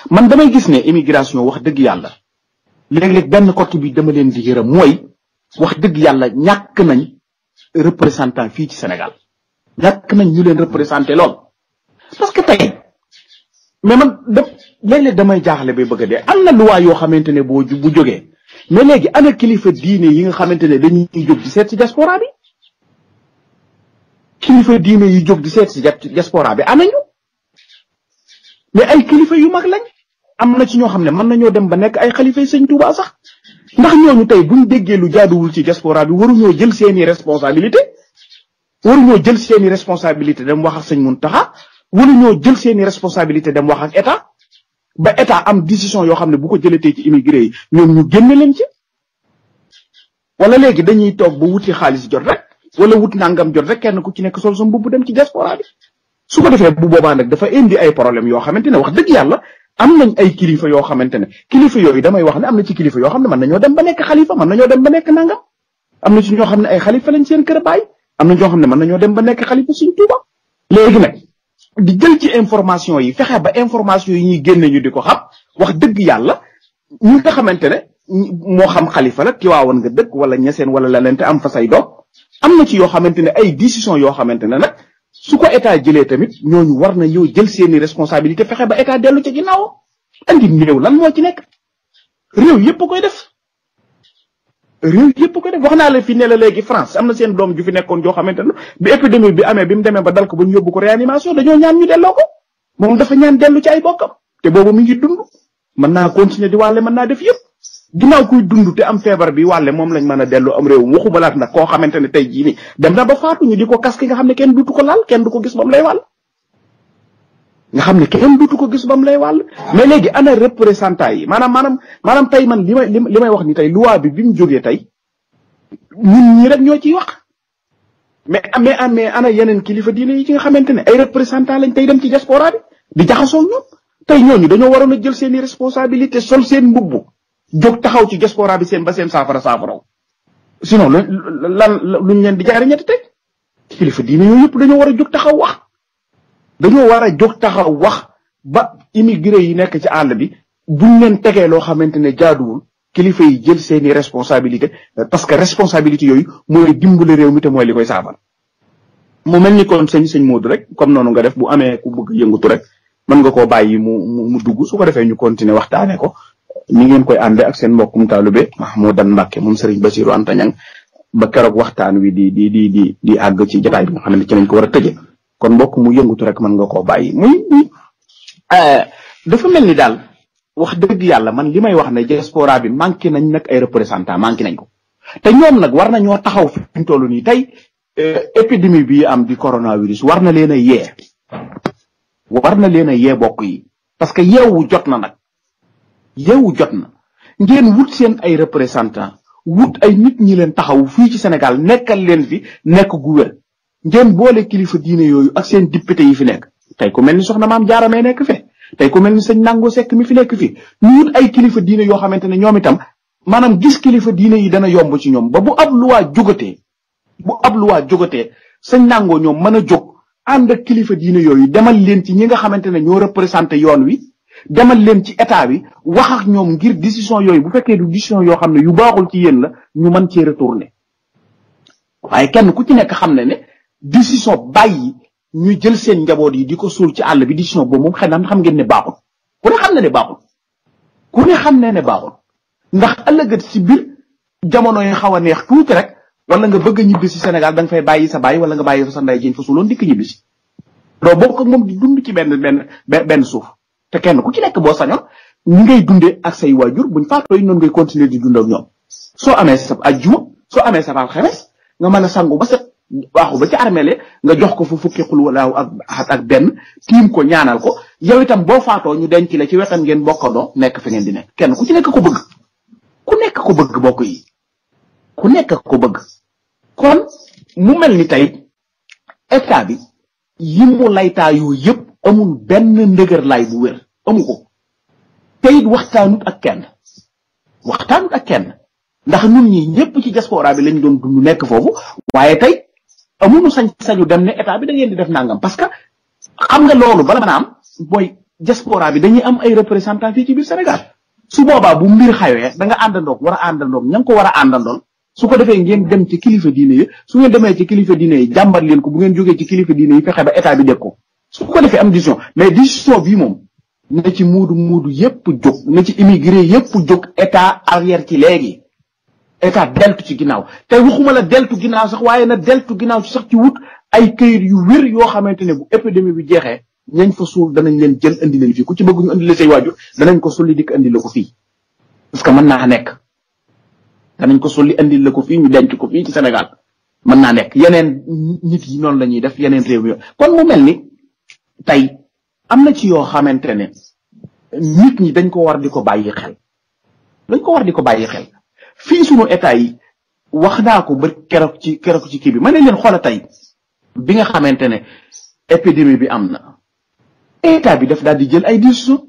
man damay gis ne immigration wax dëgg yàlla léeg-léeg benn côté bi dama leen di yërëm mooy wax dëgg yàlla ñàkk nañ représentant fii ci Sénégal ñàkk nañ ñu leen représenté lool parce que tey mais man da léeg-léeg damay jaaxle bay bëgg a dee am na luwaay yoo xamante ne boo bu jogee mais léegi ana kilifa diine yi nga xamante ne dañuy jóg di seet ci diaspora bi kilifa diine yi jóg di seet ci diaspora bi ana mais ay kilifa yu mag lañ am na ci ñoo xam ne mën nañoo dem ba nekk ay xalifay sëñ Touba sax ndax ñooñu tey ñu déggee lu jaaduwul ci diaspora bi waruñoo jël seeni responsabilité waruñoo jël seeni responsabilité dem wax ak sëñ Mountakha waruñoo jël seeni responsabilité dem wax ak ba état am décision yoo xam ne bu ko jëlatee ci immigré yi ñoom ñu génne leen ci wala léegi dañuy toog ba wuti xaalis jot rek wala wut nangam jot rek kenn ku ci nekk sol sa mbubb dem ci diaspora bi su ko defee bu boobaa nag dafa indi ay problème yoo xamante ne wax dëgg yàlla am nañ ay kilifa yoo xamante ne kilifa yooyu damay wax ne am na ci kilifa yoo xam ne mën nañoo dem ba nekk xalifa mën nañoo dem ba nekk nangam am na ci ñoo xam ne ay xalifa lañ seen kër baay am na ñoo xam ne mën nañoo dem ba nekk xalifa suñ tuuba nag di jël ci information yi fexe ba information yi ñuy génne ñu di ko xam wax dëgg yàlla ñi nga xamante ne moo xam xalifa la tiwaawoon nga dëkk wala ñeseen wala leneen te am fa say doom am na ci yoo xamante ne ay décision yoo xamante ne nag su ko état jëlee tamit ñooñu war na yow jël seeni responsabilité fexe ba état dellu ca ginnaaw andi néew lan moo ci nekk réew yëpp koy def réew yëpp koy def wax naa la fi ne la léegi France am na seen doom ju fi nekkoon joo xamante ne bi épidémie bi amee bi mu demee ba dal ko ba ñu yóbbu ko réanimation dañoo ñaan ñu delloo moom dafa ñaan dellu ci ay bokkam te boobu mi ngi dund mën naa continuer di wàlle mën naa def yëpp ginnaaw kuy dund te am feebar bi wàlle moom lañ mën a dellu am rew waxuma laat nag koo xamante ne tey jii nii dem na ba faatu ñu di ko kas ki nga xam ne kenn duutu ko laal kenn du ko gis ba mu lay wàll nga xam ne kenn duutu ko gis ba mu lay wàll mais léegi ana représentant yi maanaam maanaam maanaam tey man li may may wax ni tey loi bi bi mu jógee tey ñun ñi rek ñoo ciy wax mais mais mais ana yeneen kilifa diine yi ci nga xamante ne ay représentant lañ tey dem ci diaspora bi di jaxasoo ñoom tey ñooñu dañoo waroon a jël seen i responsabilité sol seen mbubb jog taxaw ci diaspora seen ba seen saafara saafaraw sinon lu lan luñ leen di jaari ñetti teg kilifa diine yooyu yëpp dañoo war a jóg taxaw wax dañoo war a jóg taxaw wax ba immigré yi nekk ci àll bi buñ leen tegee loo xamante ne jaaduwul kilifa yi jël seeni responsabilité parce que responsabilité yooyu mooy dimbali réew mi te mooy li koy saafara mu mel ni kon sëñ sëñ moodu rek comme noonu nga def bu amee ku bëgg yëngatu rek mën nga koo bàyyi mu mu dugg su ko defee ñu continuer waxtaanee ko ñi ngeen koy ànde ak seen mbokkum taalube Mahmoudan Mbacke moom Serigne Bassirou Anta Niang ba keroog waxtaan wi di di di di di àgg ci jotaay bi nga xam ne ci lañ ko war a tëje kon mbokk mu yëngatu rek mën nga koo bàyyi muy euh, dafa mel ni daal wax dëgg yàlla man li may wax ne diaspora bi manqué nañ nag ay représentant manqué nañ ko te ñoom nag war nañoo taxaw fi ñu toll nii tey euh, épidémie bi am di coronavirus war na leen a yee war na leen a yee bokk yi parce que yeewu jot na nag yeewu jot na ngeen wut seen ay représentants wut ay nit ñi leen taxaw fii ci Sénégal nekkal leen fi nekk gu wér ngeen boole kilifa diine yooyu ak seen député yi fi nekk tey ko mel ni soxna maam jaaramee nekk fi tey ku mel ni sëñ Nango sekk mi fi nekk fi ñu wut ay kilifa diine yoo xamante ne ñoom itam maanaam gis kilifa diine yi dana yomb ci ñoom ba bu ab luwaa jógatee bu ab luwaa jógatee sëñ Nango ñoom mën a jóg ànd ak kilifa diine yooyu demal leen ci ñi nga xamante ne ñoo représenté yoon wi demal leen ci état bi wax ak ñoom ngir décision yooyu bu fekkee du décision yoo xam ne yu baaxul ci yéen la ñu man cee retourner waaye kenn ku ci nekk xam ne ne décision bàyyi ñu jël seen njaboot yi di ko suul ci àll bi décision boobu moom xëy na xam ngeen ne baaxul ku ne xam ne ne baaxul ku ne xam ne ne baaxul ndax ëllëgat si biir jamono yi xaw a neex tuuti rek wala nga bëgg a ñibbi si Sénégal da nga fay bàyyi sa bàyyi wala nga bàyyi sa nday jiñ fa suuloon dikk ñibbi si doo bokk ak moom ci benn benn benn suuf te kenn ku ci nekk boo sañoon ni ngay dundee ak say waajur buñ faatoo yi noonu ngay continuer di dund ak ñoom soo amee sa ajjuma soo amee sa alxames nga mën a sangu ba set waaxu ba ci armeele nga jox ko fu fukki xul walaaw xat ak benn tiim ko ñaanal ko yow itam boo faatoo ñu denc la ci wetam ngeen bokkandoo nekk fi ngeen di ne kenn ku ci nekk ko bëgg ku nekk ko bëgg bokk yi ku nekk ko bëgg kon mu mel ni tey état bi yi mu laytaa yooyu yëpp amul benn ndëgër lay bu wér amu ko teyit waxtaanut ak kenn waxtaanut ak kenn ndax nun ñi ñëpp ci diaspora bi lañ doon dund nekk foofu waaye tey amuñu sañ-sañu dem ne état bi da def nangam parce que xam nga loolu bala mën a am mooy diaspora bi dañuy am ay représentants fii ci biir Sénégal su boobaa bu mbir xawee da nga àndandoog war a àndandoog ña nga ko war a àndandool su ko defee ngeen dem ci kilifa diine yi su ngeen demee ci kilifa diine yi jàmbat leen ko bu ngeen jógee ci kilifa diine yi fexe ba état bi dégg ko su ko defee am décision mais décision bi moom na ci muudu muudu yépp jóg na ci immigré yépp jóg état arrière ci léegi état deltu ci ginnaaw te waxuma la deltu ginnaaw sax waaye na deltu ginnaaw sax ci wut ay kayit yu wér yoo xamante ne bu épidémie bi jeexee ñañ fa suul danañ leen jël indi leen fii ku ci bëgg ñu indi la say ko sulli dikk indi ko fii parce que mën naa nekk danañ ko soli indi ko fii ñu denc ko fii ci Sénégal mën naa nekk yeneen nit yi noonu la def yeneen réew yi kon mu mel ni tey am na ci yoo xamante ne nit ñi dañ ko war di ko bàyyi xel dañ ko war di ko bàyyi xel fii sunu état yi wax naa ko ba keroog ci keroog ci kii bi ma ne leen xoola tey bi nga xamante ne épidémie bi am na état bi daf daal di jël ay décision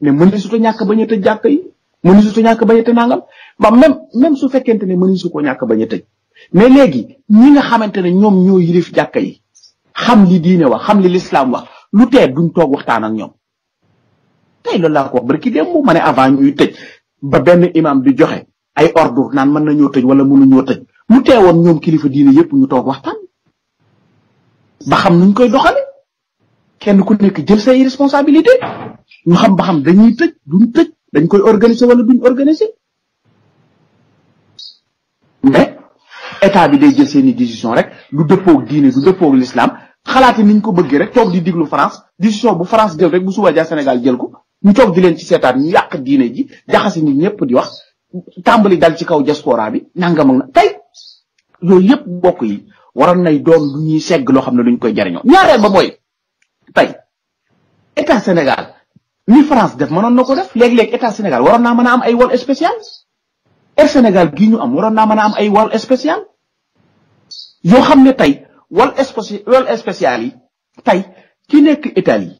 mais mëni su ta ñàkk bañ a tëj jàkk yi mëni su ta ñàkk bañ a tëj ba même même su fekkente ne mëni su ko ñàkk bañ a mais léegi ñi nga xamante ne ñoom ñoo yilif jàkk yi xam li diine wax xam li lislaam wax lu tee duñ toog waxtaan ak ñoom tey loolu laa ko wax barki démb ma ne avant ñuy tëj ba benn imam di joxe ay ordre naan mën nañoo tëj wala mënuñoo tëj lu teewoon ñoom kilifa diine yépp ñu toog waxtaan ba xam nuñ koy doxale kenn ku nekk jël say responsabilité ñu xam ba xam dañuy tëj duñ tëj dañ koy organiser wala duñ organiser mais état bi day jël seeni décision rek du dëppoog diine du dëppoog l'islam xalaate niñ ko bëggee rek toog di diglu France décision bu France jël rek bu suba jaa Sénégal jël ko ñu toog di leen ci seetaan ñu yàq diine ji jaxase nit ñëpp di wax tàmbali dal ci kaw diaspora bi nangam ak na tey yooyu yëpp mbokk yi waroon nay doon lu segg loo xam ne duñ koy jariñoo ba mooy tey état Sénégal ni France mënoon na ko def léeg-léeg état Sénégal waroon naa mën a am ay vol spécial Air Sénégal gii ñu am waroon naa mën a am ay vol spécial yoo xam ne tey wal spéci wal spécial yi tey ki nekk Italie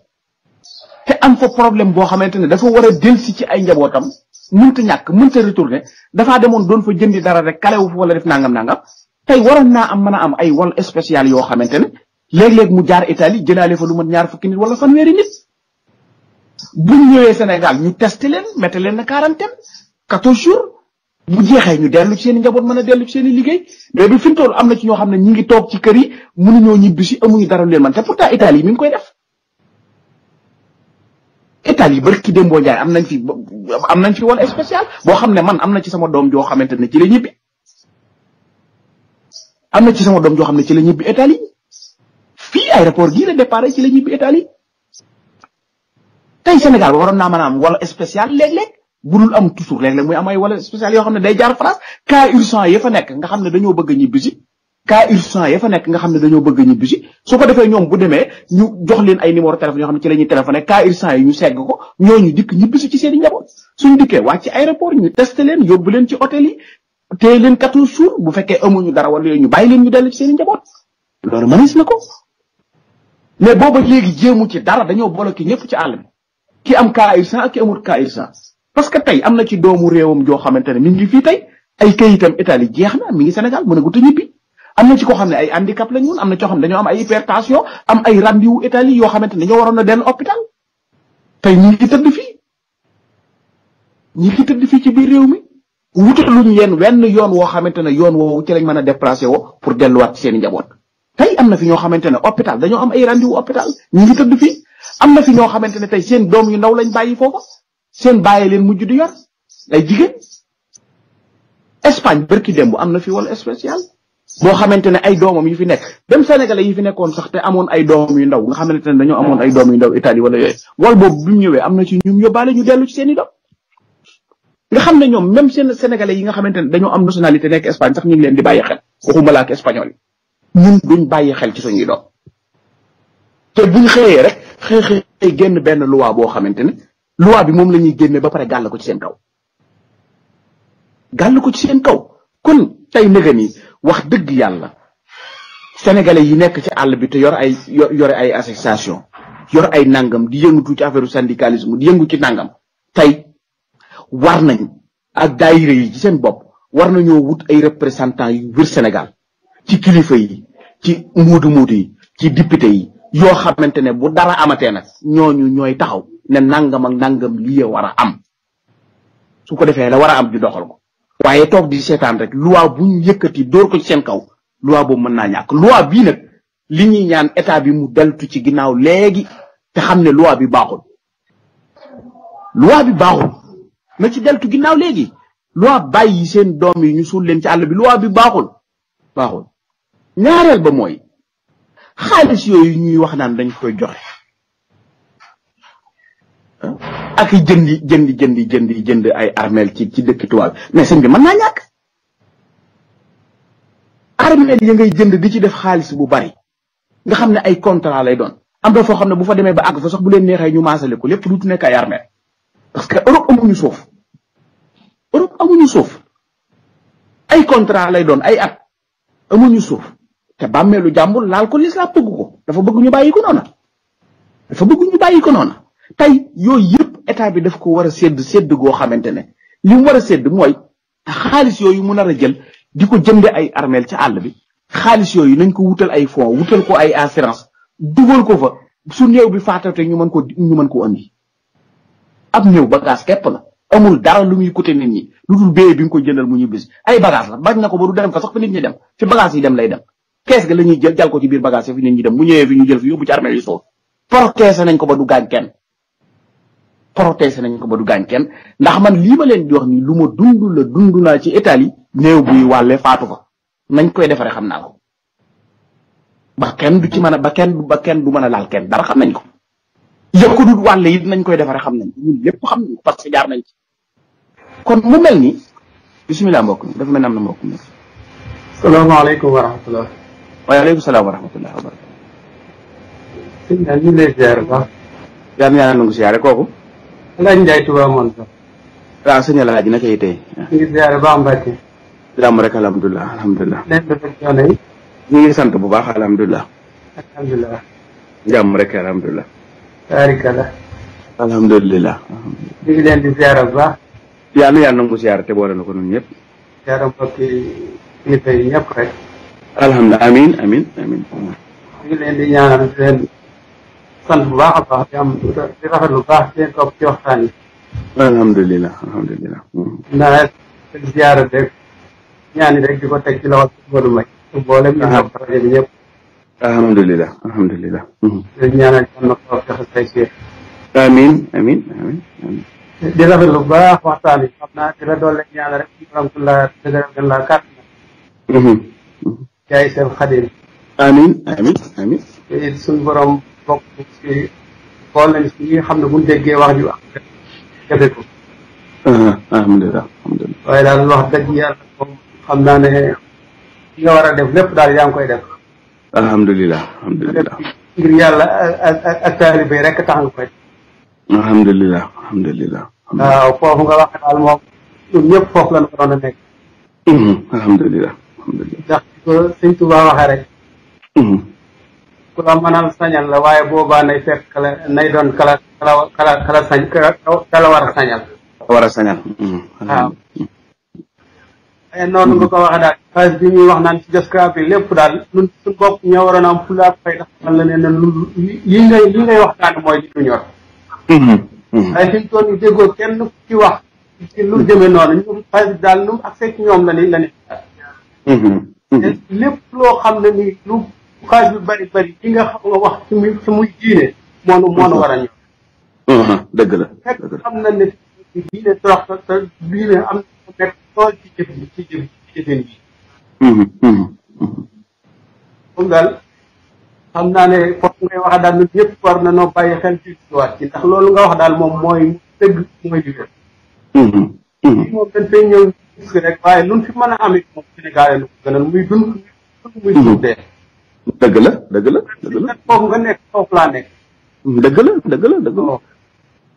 te am fa problème boo xamante ne dafa war a delsi ci ay njabootam mënta ñàkk mënta retourné dafaa demoon doon fa jëndi dara rek kalewu fa wala def nangam nangam tey waroon naa am mën a am ay wal spécial yoo xamante ne léeg-léeg mu jaar Italie jëlaale fa lu mat ñaar fukki nit wala fanweeri nit buñ ñëwee Sénégal ñu testé leen mette leen na mu jeexee ñu dellu ci seen i njaboot mën a dellu ci seen i liggéey mais bi fi toll am na ci ñoo xam ne ngi toog ci kër yi mënuñoo ñibbi si amuñu dara leen man te pourtant Italie mi ngi koy def Italie bari ki démboo njaay am nañ fi am nañ fi wala spécial boo xam ne man am na ci sama doom joo xamante ne ci la ñibbi na ci sama doom joo xam ne ci la ñibbi Italie fii aéroport gii la départ ci la ñibbi Italie tey Sénégal ba waroon naa mën a am wala spécial léeg-léeg budul am toujours léeg-léeg muy am ay wala spécial yoo xam ne day jaar France cas urgent ya fa nekk nga xam ne dañoo bëgg a ñibbisi cas urgent ya fa nekk nga xam ne dañoo bëgg a ñibbisi su ko defee ñoom bu demee ñu jox leen ay numéro téléphone yoo xam ne ci la ñuy téléphoné cas urgent yi ñu segg ko ñooñu dikk ñibbisi ci seen i njaboot suñ dikkee wàcc ci aéroport ñu testé leen yóbbu leen ci hôtel yi téye leen 14 jours bu fekkee amuñu dara wala yooyu ñu bàyyi leen ñu dellu ci seen i njaboot loolu ko mais booba léegi jéemu ci dara dañoo bloqué ñëpp ci àll ki am cas urgent ak ki amul parce que tey am na ci doomu réewam joo xamante ne mi ngi fii tey ay kayitam Italie jeex na mi ngi Sénégal mën a gudd ñibbi am na ci koo xam ne ay handicap lañ mun am na ci koo xam ne dañoo am ay hypertension am ay randiwu Italie yoo xamante ne dañoo waroon a tey ñi ngi tëdd fii ñi ngi fii ci biir réew mi wutaluñ leen wenn yoon woo xamante ne yoon woowu ci lañ mën a déplacé woo pour delluwaat seen njaboot tey am na fi ñoo xamante ne hôpital dañoo am ay randiwu hôpital ñi ngi tëdd am na fi ñoo xamante ne tey seen doom yu ndaw lañ bàyyi foofa seen bàyyi leen mujj di yor ay jigéen Espagne barki démb am na fi wala spécial boo xamante ne ay doomam yu fi nekk dem sénégalais yi fi nekkoon sax te amoon ay doom yu ndaw nga xamante ne dañoo amoon ay doom yu ndaw Italie wala yooyu wal boobu am na ci ñum yóbbaale ñu dellu ci seen i doom nga xam ne ñoom même seen sénégalais yi nga xamante ne dañoo am nationalité nekk Espagne sax ñu ngi leen di bàyyi xel waxuma la ak espagnol yi ñun duñ bàyyi xel ci suñuy doom te buñ xëyee rek xëy xëy génn benn loi boo xamante ne loi bi moom la ñuy génne ba pare gàll ko ci seen kaw gàll ko ci seen kaw kon tey nëga wax dëgg yàlla sénégalais yi nekk ci àll bi te yor ay yore ay association yor ay nangam di yëngatu ci affaire syndicalisme di yëngu ci nangam tey war nañ ak daayira yi ci seen bopp war nañoo wut ay représentants yu wër Sénégal ci kilifa yi ci muudu muudu yi ci député yi yoo xamante ne bu dara amatee nag ñooñu ñooy taxaw ne nangam ak nangam lii war a am su ko defee la war a am ju doxal ko. waaye toog di seetaan rek loi bu ñu yëkkati dóor ko ci seen kaw loi boobu mën naa ñàkk loi bii nag li ñuy ñaan état bi mu deltu ci ginnaaw léegi te xam ne loi bi baaxul. loi bi baaxul na ci deltu ginnaaw léegi loi bàyyi seen doom yi ñu suul leen ci àll bi loi bi baaxul baaxul ñaareel ba mooy xaalis yooyu ñuy wax naan dañ koy joxe. ak i jëndi jëndi jëndi jëndi jënd ay armeel ci ci dëkk tubaab mais sëñ bi mën naa ñàkk armel yi ngay jënd di ci def xaalis bu bari nga xam ne ay contrat lay doon am na foo xam ne bu fa demee ba àgg fa sax bu leen neexee ñu maasale ko lépp du nekk ay armel parce que Europe amuñu suuf Europe amuñu suuf ay contrat lay doon ay at amuñu suuf te bàmmeelu jàmbur laal ko lislaam bëgg ko dafa bëgg ñu bàyyi ko noona bëgg ñu bàyyi ko noona tey yooyu yëpp état bi daf ko war a sedd sédd goo xamante ne li mu war a sédd mooy xaalis yooyu mu nar a jël di ko jënde ay armeel ci àll bi xaalis yooyu nañ ko wutal ay fonds wutal ko ay assurance dugal ko fa su néew bi faatawte ñu mën ko ñu mën ko andi ab néew bagage képp la amul dara lu mu ñu bis ay bagage sax fi nit ñi dem la ñuy jël jàll ko ci biir bagage yi fi nit ñi dem bu ñëwee fi ñu jël fi yóbbu ci armeel yi soo protéger nañ ko ba du gaañ kenn protéger nañ ko ba du gaañ kenn ndax man lii ma leen jox wax nii lu ma dund la dund naa ci Italie néew buy wàlle faatu ko nañ koy defaree xam naa ko ba kenn du ci mën a ba kenn ba kenn du mën a laal kenn dara xam nañ ko yëg ko dul wàlle nañ koy defaree xam nañ ñun xam parce que jaar nañ ci kon mu mel ni bisimilah mbokk mi dafa mel am na mbokk mi salaamaaleykum wa rahmatulah waaleykum salaam wa rahmatulah wa barakatu sëñ bi ñu ngi kooku Alaaji Njaay Tuubaa moom sax waaw sëñ Alaaji naka yi tey ngi ziyaare baa Mbàkke jàmm rek alhamdulilah alhamdulilah ñu ngi sant bu baax alhamdulilah alhamdulilah jàmm rek alhamdulilah taarikala alhamdulilah ñu ngi leen di ziyaare bu baax yàlla yàlla te boole na ko ñun ñëpp ziyaare mbokki kilifa rek alhamdulilah amin amin amin ngi leen di ñaanal sant baax a baax di am di rafet lu baax di leen topp ci waxtaan yi. alhamdulilah alhamdulilah. ndax ziyaara beeg ñaan yi di ko ci loxo si Modou Mbaye. mboolem ñu topp rajo bi ñëpp. alhamdulilah alhamdulilah. di ñaanal jàmm na ko joxe say siir. amiin amiin amiin amiin. di rafet lu baax waxtaan yi xam naa di la doole ñaan rek di rafetlu laa dëgëral gën laa kàtt na. jaay seen xadim. amiin amiin amiin. te it suñu bokk ci xool nañ si ñi nga xam ne buñ déggee wax ju ak jafe ko uh-huh. alhamdulilah alhamdulilah waaye daal wax dëgg yàlla moom xam naa ne li nga war a def lépp daal yaa ngi koy def alhamdulilah alhamdulilah ngir yàlla ak ak taalibe rek tax nga koy def alhamdulilah alhamdulilah waaw foofu nga wax daal moom ñun ñëpp foofu la ñu waroon a nekk mm-hmm. alhamdulilah alhamdulilah ndax ko sëñ Tuubaa waxee rek mm-hmm. ku la mënal sañal la waaye boobaa nay fekk kala nay doon kala kala kala kala sañ kala war a sañal war a sañal hmm. waaw noonu nga ko waxee daal phase bi ñuy wax naan ci Diaspora bi lépp daal ñun ñoo waroon am fulla ak fay taxawal la li ngay li mooy li du ñor hmm. hmm. waaye fi ci wax lu jëmee noonu ñoom phase bi daal ñoom la ni la ni lépp loo xam ne nii lu xaaj bi bari bari ki nga xam nga wax su muy su muy diine moonu moonu war a ñëw uh-huh. dëgg la fekk xam na ne diine am na uh-huh. Uh-huh. naa ne foofu ngay wax daal ñun ñëpp war na noo bàyyi xel ci siwaat ci ndax loolu nga wax daal moom mooy dëgg mooy li moom dañ fay ñëw gis rek waaye luñ fi mën a amit moom Sénégal nu ko muy dund muy dundee dëgg la dëgg la dëgg la mm, la dëgg la dëgg la. Oh.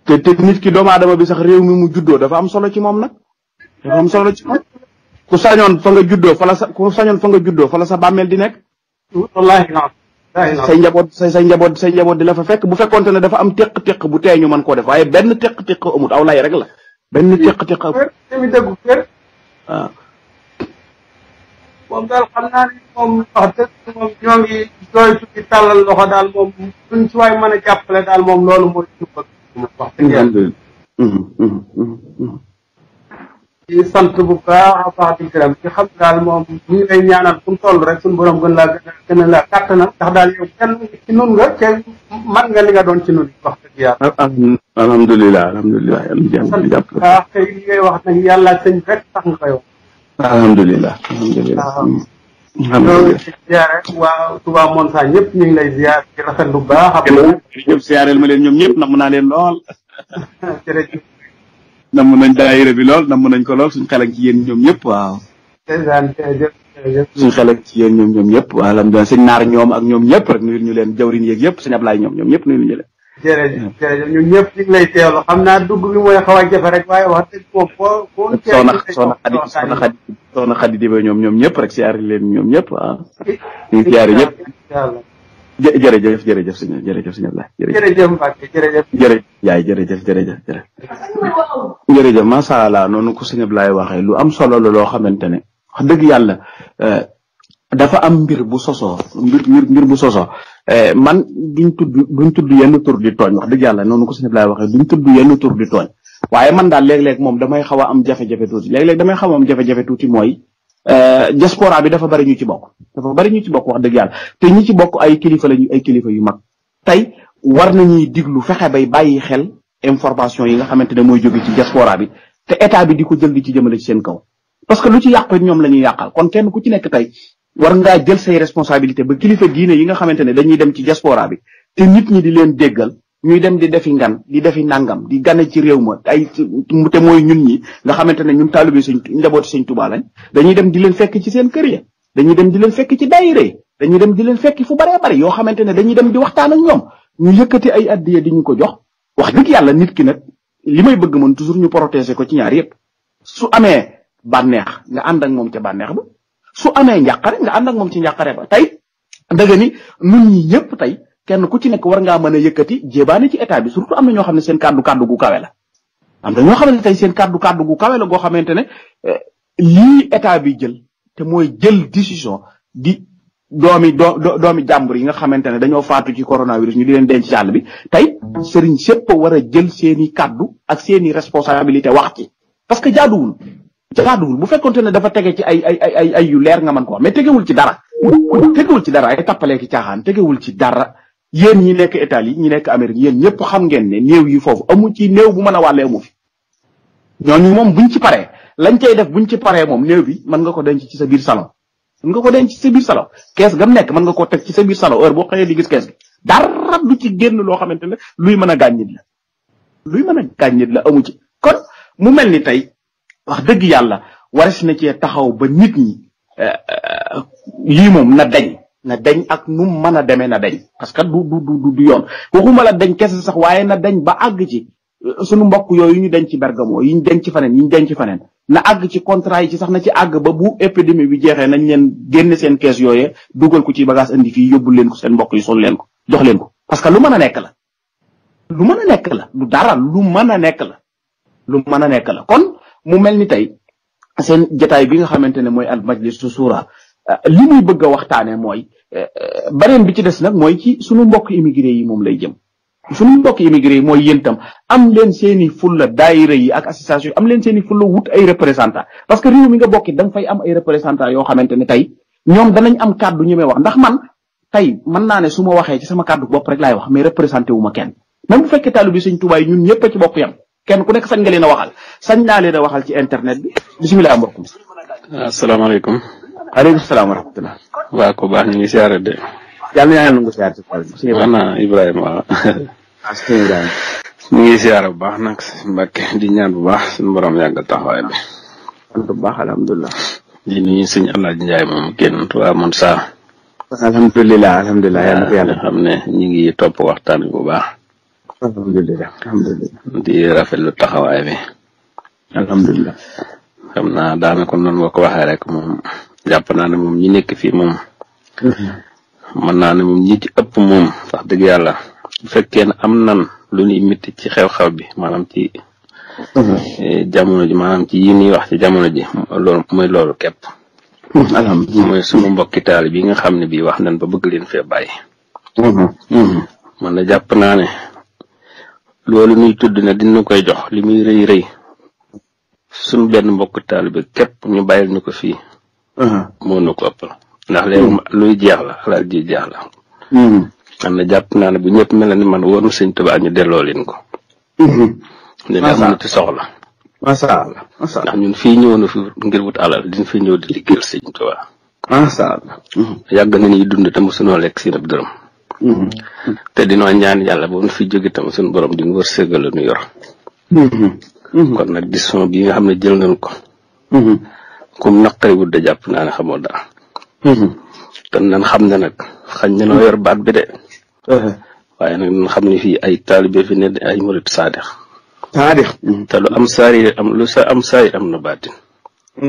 te te nit ki doomu aadama bi sax réew mi mu juddoo dafa am solo ci moom na dafa am ci moom. ku sañoon fa nga juddoo fa la sa ku sañoon fa nga juddoo fa la sa bàmmeel di nekk. wallaahi naam. say njaboot say say njaboot say njaboot di la fa fekk bu fekkonte ne dafa am teq-teq bu tee ñu mën koo def waaye benn teq-teq amut aw lay rek la. benn teq-teq amut. Ah. moom daal xam naa ne moom wax dëgg moom ñoo di tàllal loxo daal moom duñ si waay mën a jàppale daal moom loolu mooy ci moom di sant bu baax a baax di gërëm di xam daal moom ñu ngi lay ñaanal fu rek suñu borom gën laa gën a laa kàttanal daal yow kenn ci nun nga te man nga li nga doon ci nun wax dëgg yàlla alhamdulilah alhamdulilah yàlla sant bu baax tey li ngay wax nag yàlla sëñ rek tax nga koy alhamdulilah alhamdulilah hmm. alhamdulilah ziyaare waa Touba Montagne ñëpp ñu ngi lay ziyaar rafet lu baax a ñëpp ziyaareel ma leen ñoom ñëpp namm naa leen lool jërëjëf namm nañ daayira bi lool namm nañ ko lool suñ xel ak ci yéen ñoom ñëpp waaw suñ xel ak ci yéen ñoom ñoom ñëpp alhamdulilah sëñ naar ñoom ak ñoom ñëpp rek nuyu ñu leen jawrin yéeg yëpp sëñ Ablaay ñoom ñoom ñëpp nuyu ñu jërëjëf hmm. jërëjëf ñun ñëpp ñu ngi lay naa dugg bi a jafe rek waaye wax dëgg foofu foo foo soxna soxna xadi soxna xadi ñoom ñoom ñëpp rek siyaari leen ñoom ñëpp ah ñu ngi ñëpp jërëjëf jërëjëf sëñ jërëjëf sëñ Ablaye jërëjëf Mbacke jërëjëf jërëjëf yaay jërëjëf noonu ko sëñ Ablaye waxee lu am solo la loo xamante ne wax dëgg yàlla euh, dafa am mbir bu sosoo mbir mbir bu sosoo eh, man duñ tudd duñ tudd yenn tur di tooñ wax dëgg yàlla noonu ko sëñ Ablaye waxee duñ tudd yenn tur di tooñ waaye man daal léeg moom damay xaw am jafe-jafe tuuti léeg-léeg damay a jafe-jafe tuuti mooy eh, diaspora bi dafa bari ñu ci bokk dafa bari ñu ci bokk wax dëgg yàlla te ñi ci bokk ay kilifa lañu ay kilifa yu mag tey war nañuy diglu fexe bay bàyyi xel information yi nga xamante ne mooy jóge ci diaspora bi te état di ko jël di ci jëmale ci seen kaw ku ci nekk tey war ngaa jël say responsabilité ba kilifa diine yi nga xamante ne dañuy dem ci diaspora bi te nit ñi di leen déggal ñuy dem di defi ngan di defi nangam di gane ci réew ma ay te mooy ñun ñi nga xamante ne ñun taalibe suñ njabooti suñ Tuubaa lañ dañuy dem di leen fekk ci seen kër ya dañuy dem di leen fekk ci daayira yi dañuy dem di leen fekk fu baree bari yoo xamante ne dañuy dem di waxtaan ak ñoom ñu yëkkati ay addiya di ñu ko jox wax dëgg yàlla nit ki nag li may bëgg man toujours ñu protéger ko ci ñaar yépp su amee bànneex nga ànd ak moom ca bànneex ba su amee njàqare nga ànd ak moom ci njàqare ba tey dëgg ni nun ñi ñëpp tey kenn ku ci nekk war ngaa mën a yëkkati jébaane ci état bi surtout am na ñoo xam ne seen kàddu kàddu gu kawe la am na ñoo xam ne tey seen kàddu kàddu gu kawe la goo xamante ne eh, lii état bi jël te mooy jël décision di doomi doo doomi jàmbur yi nga xamante ne dañoo faatu ci coronavirus ñu di leen denc àll bi tey sëriñ sépp war a jël seeni kàddu ak seeni responsabilité wax ci parce que jaaduwul jaaduwul bu fekkonte ne dafa tege ci ay ay ay yu leer nga mën ko wax mais tegewul ci dara tegewul ci dara ay tappalee ki caaxaan tegewul ci dara yéen ñi nekk Italie ñi nekk Amérique yéen ñëpp xam ngeen ne néew yi foofu amu ci new bu mën a wàllee amu fi ñooñu moom buñ ci paree lañ cay def buñ ci paree moom néew mën nga ko denc sa biir salon mën nga ko denc ci sa biir salon kees gam nekk mën nga koo teg ci sa biir salon heure boo xëyee di gis kees gi dara du ci génn loo xamante ne luy mën a gàññit la luy mën a gàññit la amu ci kon mu mel ni tey wax dëgg yàlla waras na cee taxaw ba nit ñi euh, euh, lii moom na dañ na deñ ak nu mën a demee na dañ parce que du du du yoon waxuma la dañ kese sax waaye na dañ ba àgg ci euh, sunu mbokk yooyu ñu denc ci bergamo yi ñu denc ci faneen yi ñu denc ci faneen na àgg ci contrat yi ci sax na ci àgg ba bu épidémie bi jeexee nañ leen génne seen kees yooyee dugal ko ci bagage indi fii yóbbul leen ko seen mbokk yi sol leen ko jox leen ko parce que lu mën a nekk la lu mën a nekk la du dara lu mën a nekk la lu mën a nekk mu mel ni tey seen jataay bi nga xamante ne mooy al majlisu suura euh, li muy bëgg a waxtaane mooy euh, euh, beneen bi ci des nag mooy ci sunu mbokk immigré yi moom lay jëm suñu mbokk immigré yi mooy yéen tam am leen seeni fulla daayira yi ak association am leen seeni fulla wut ay représentant parce que réew mi nga bokki da nga fay am ay représentant yoo xamante ne tey ñoom danañ am kàddu ñu may wax ndax man tey mën naa ne su ma waxee ci sama kàddu bopp rek laay wax mais représenté wu ma kenn même bu bi Sëñ ñun ñëpp ci bokk yam kenn ku nekk fañ nga leen a waxal sañ naa leen ci internet bi bisimilah mbokk mi. asalaamaaleykum. aleykum salaam wa rahmatulah. waa ko baax ñu ngi siyaare de. yàlla na yàlla nangu siyaare ci xol bi. ana ah, ngi siyaare bu baax nag Mbacke di ñaan bu baax suñu borom yàggal taxawaay bi. sant bu baax alhamdulilah. di nuyu sëñ Alaaji Njaay moom kenn waa Monsa. alhamdulilah alhamdulilah yàlla na ngi topp waxtaan bi bu baax. alhamdulilah alhamdulilah. di rafetlu xam naa daanaka noonu nga ko waxee rek moom jàpp naa ne moom ñi nekk fii moom. mën naa ne moom ñi ci ëpp moom sax dëgg yàlla bu fekkee ne am nan lu ñuy métti ci xew-xew bi maanaam ci. Eh, jamono ji maanaam ci yi ñuy wax ci jamono ji loolu mooy loolu képp. alhamdulilah mooy mbokki taal bi nga xam ne bii wax nañ ba bëgg leen fee bàyyi. Mhm. Mhm. man na naa ne loolu muy tudd ne dina koy jox li muy rëy rëy suñ benn mbokk taalibe képp ñu bàyyil ñu ko fii uh-huh. moo nu ko ëppal ndax léegi hmm. luy jeex la alal ji jeex la xam hmm. na jàpp naa ne bu ñëpp mel ni man woon sëñ Tuubaa ñu delloo leen ko ne dina amati soxla macha allah ndax ñun fii ñëw na fi ngir wut alal din fi ñëw di liggéeyal sëñ Tuubaa macha allah hmm. yàgg nañuy dund te mosunoo lekk si ab dërëm te dinoo ñaan yàlla ba fi jóge tam suñu borom di ñu wërsëgal nu yor. Mm-hmm. kon nag décision bii nga xam ne jël nañ ko. comme mm-hmm. naqari wut da jàpp naa ne xamoo dara. Mm-hmm. kon nan xam ne nag xañ na noo yor baat bi de. Uh-huh. waaye nag nan xam ne fii ay taalibe fi ne ay murit saadix. saadix. lu am saari am lu sa am saari am na baatin.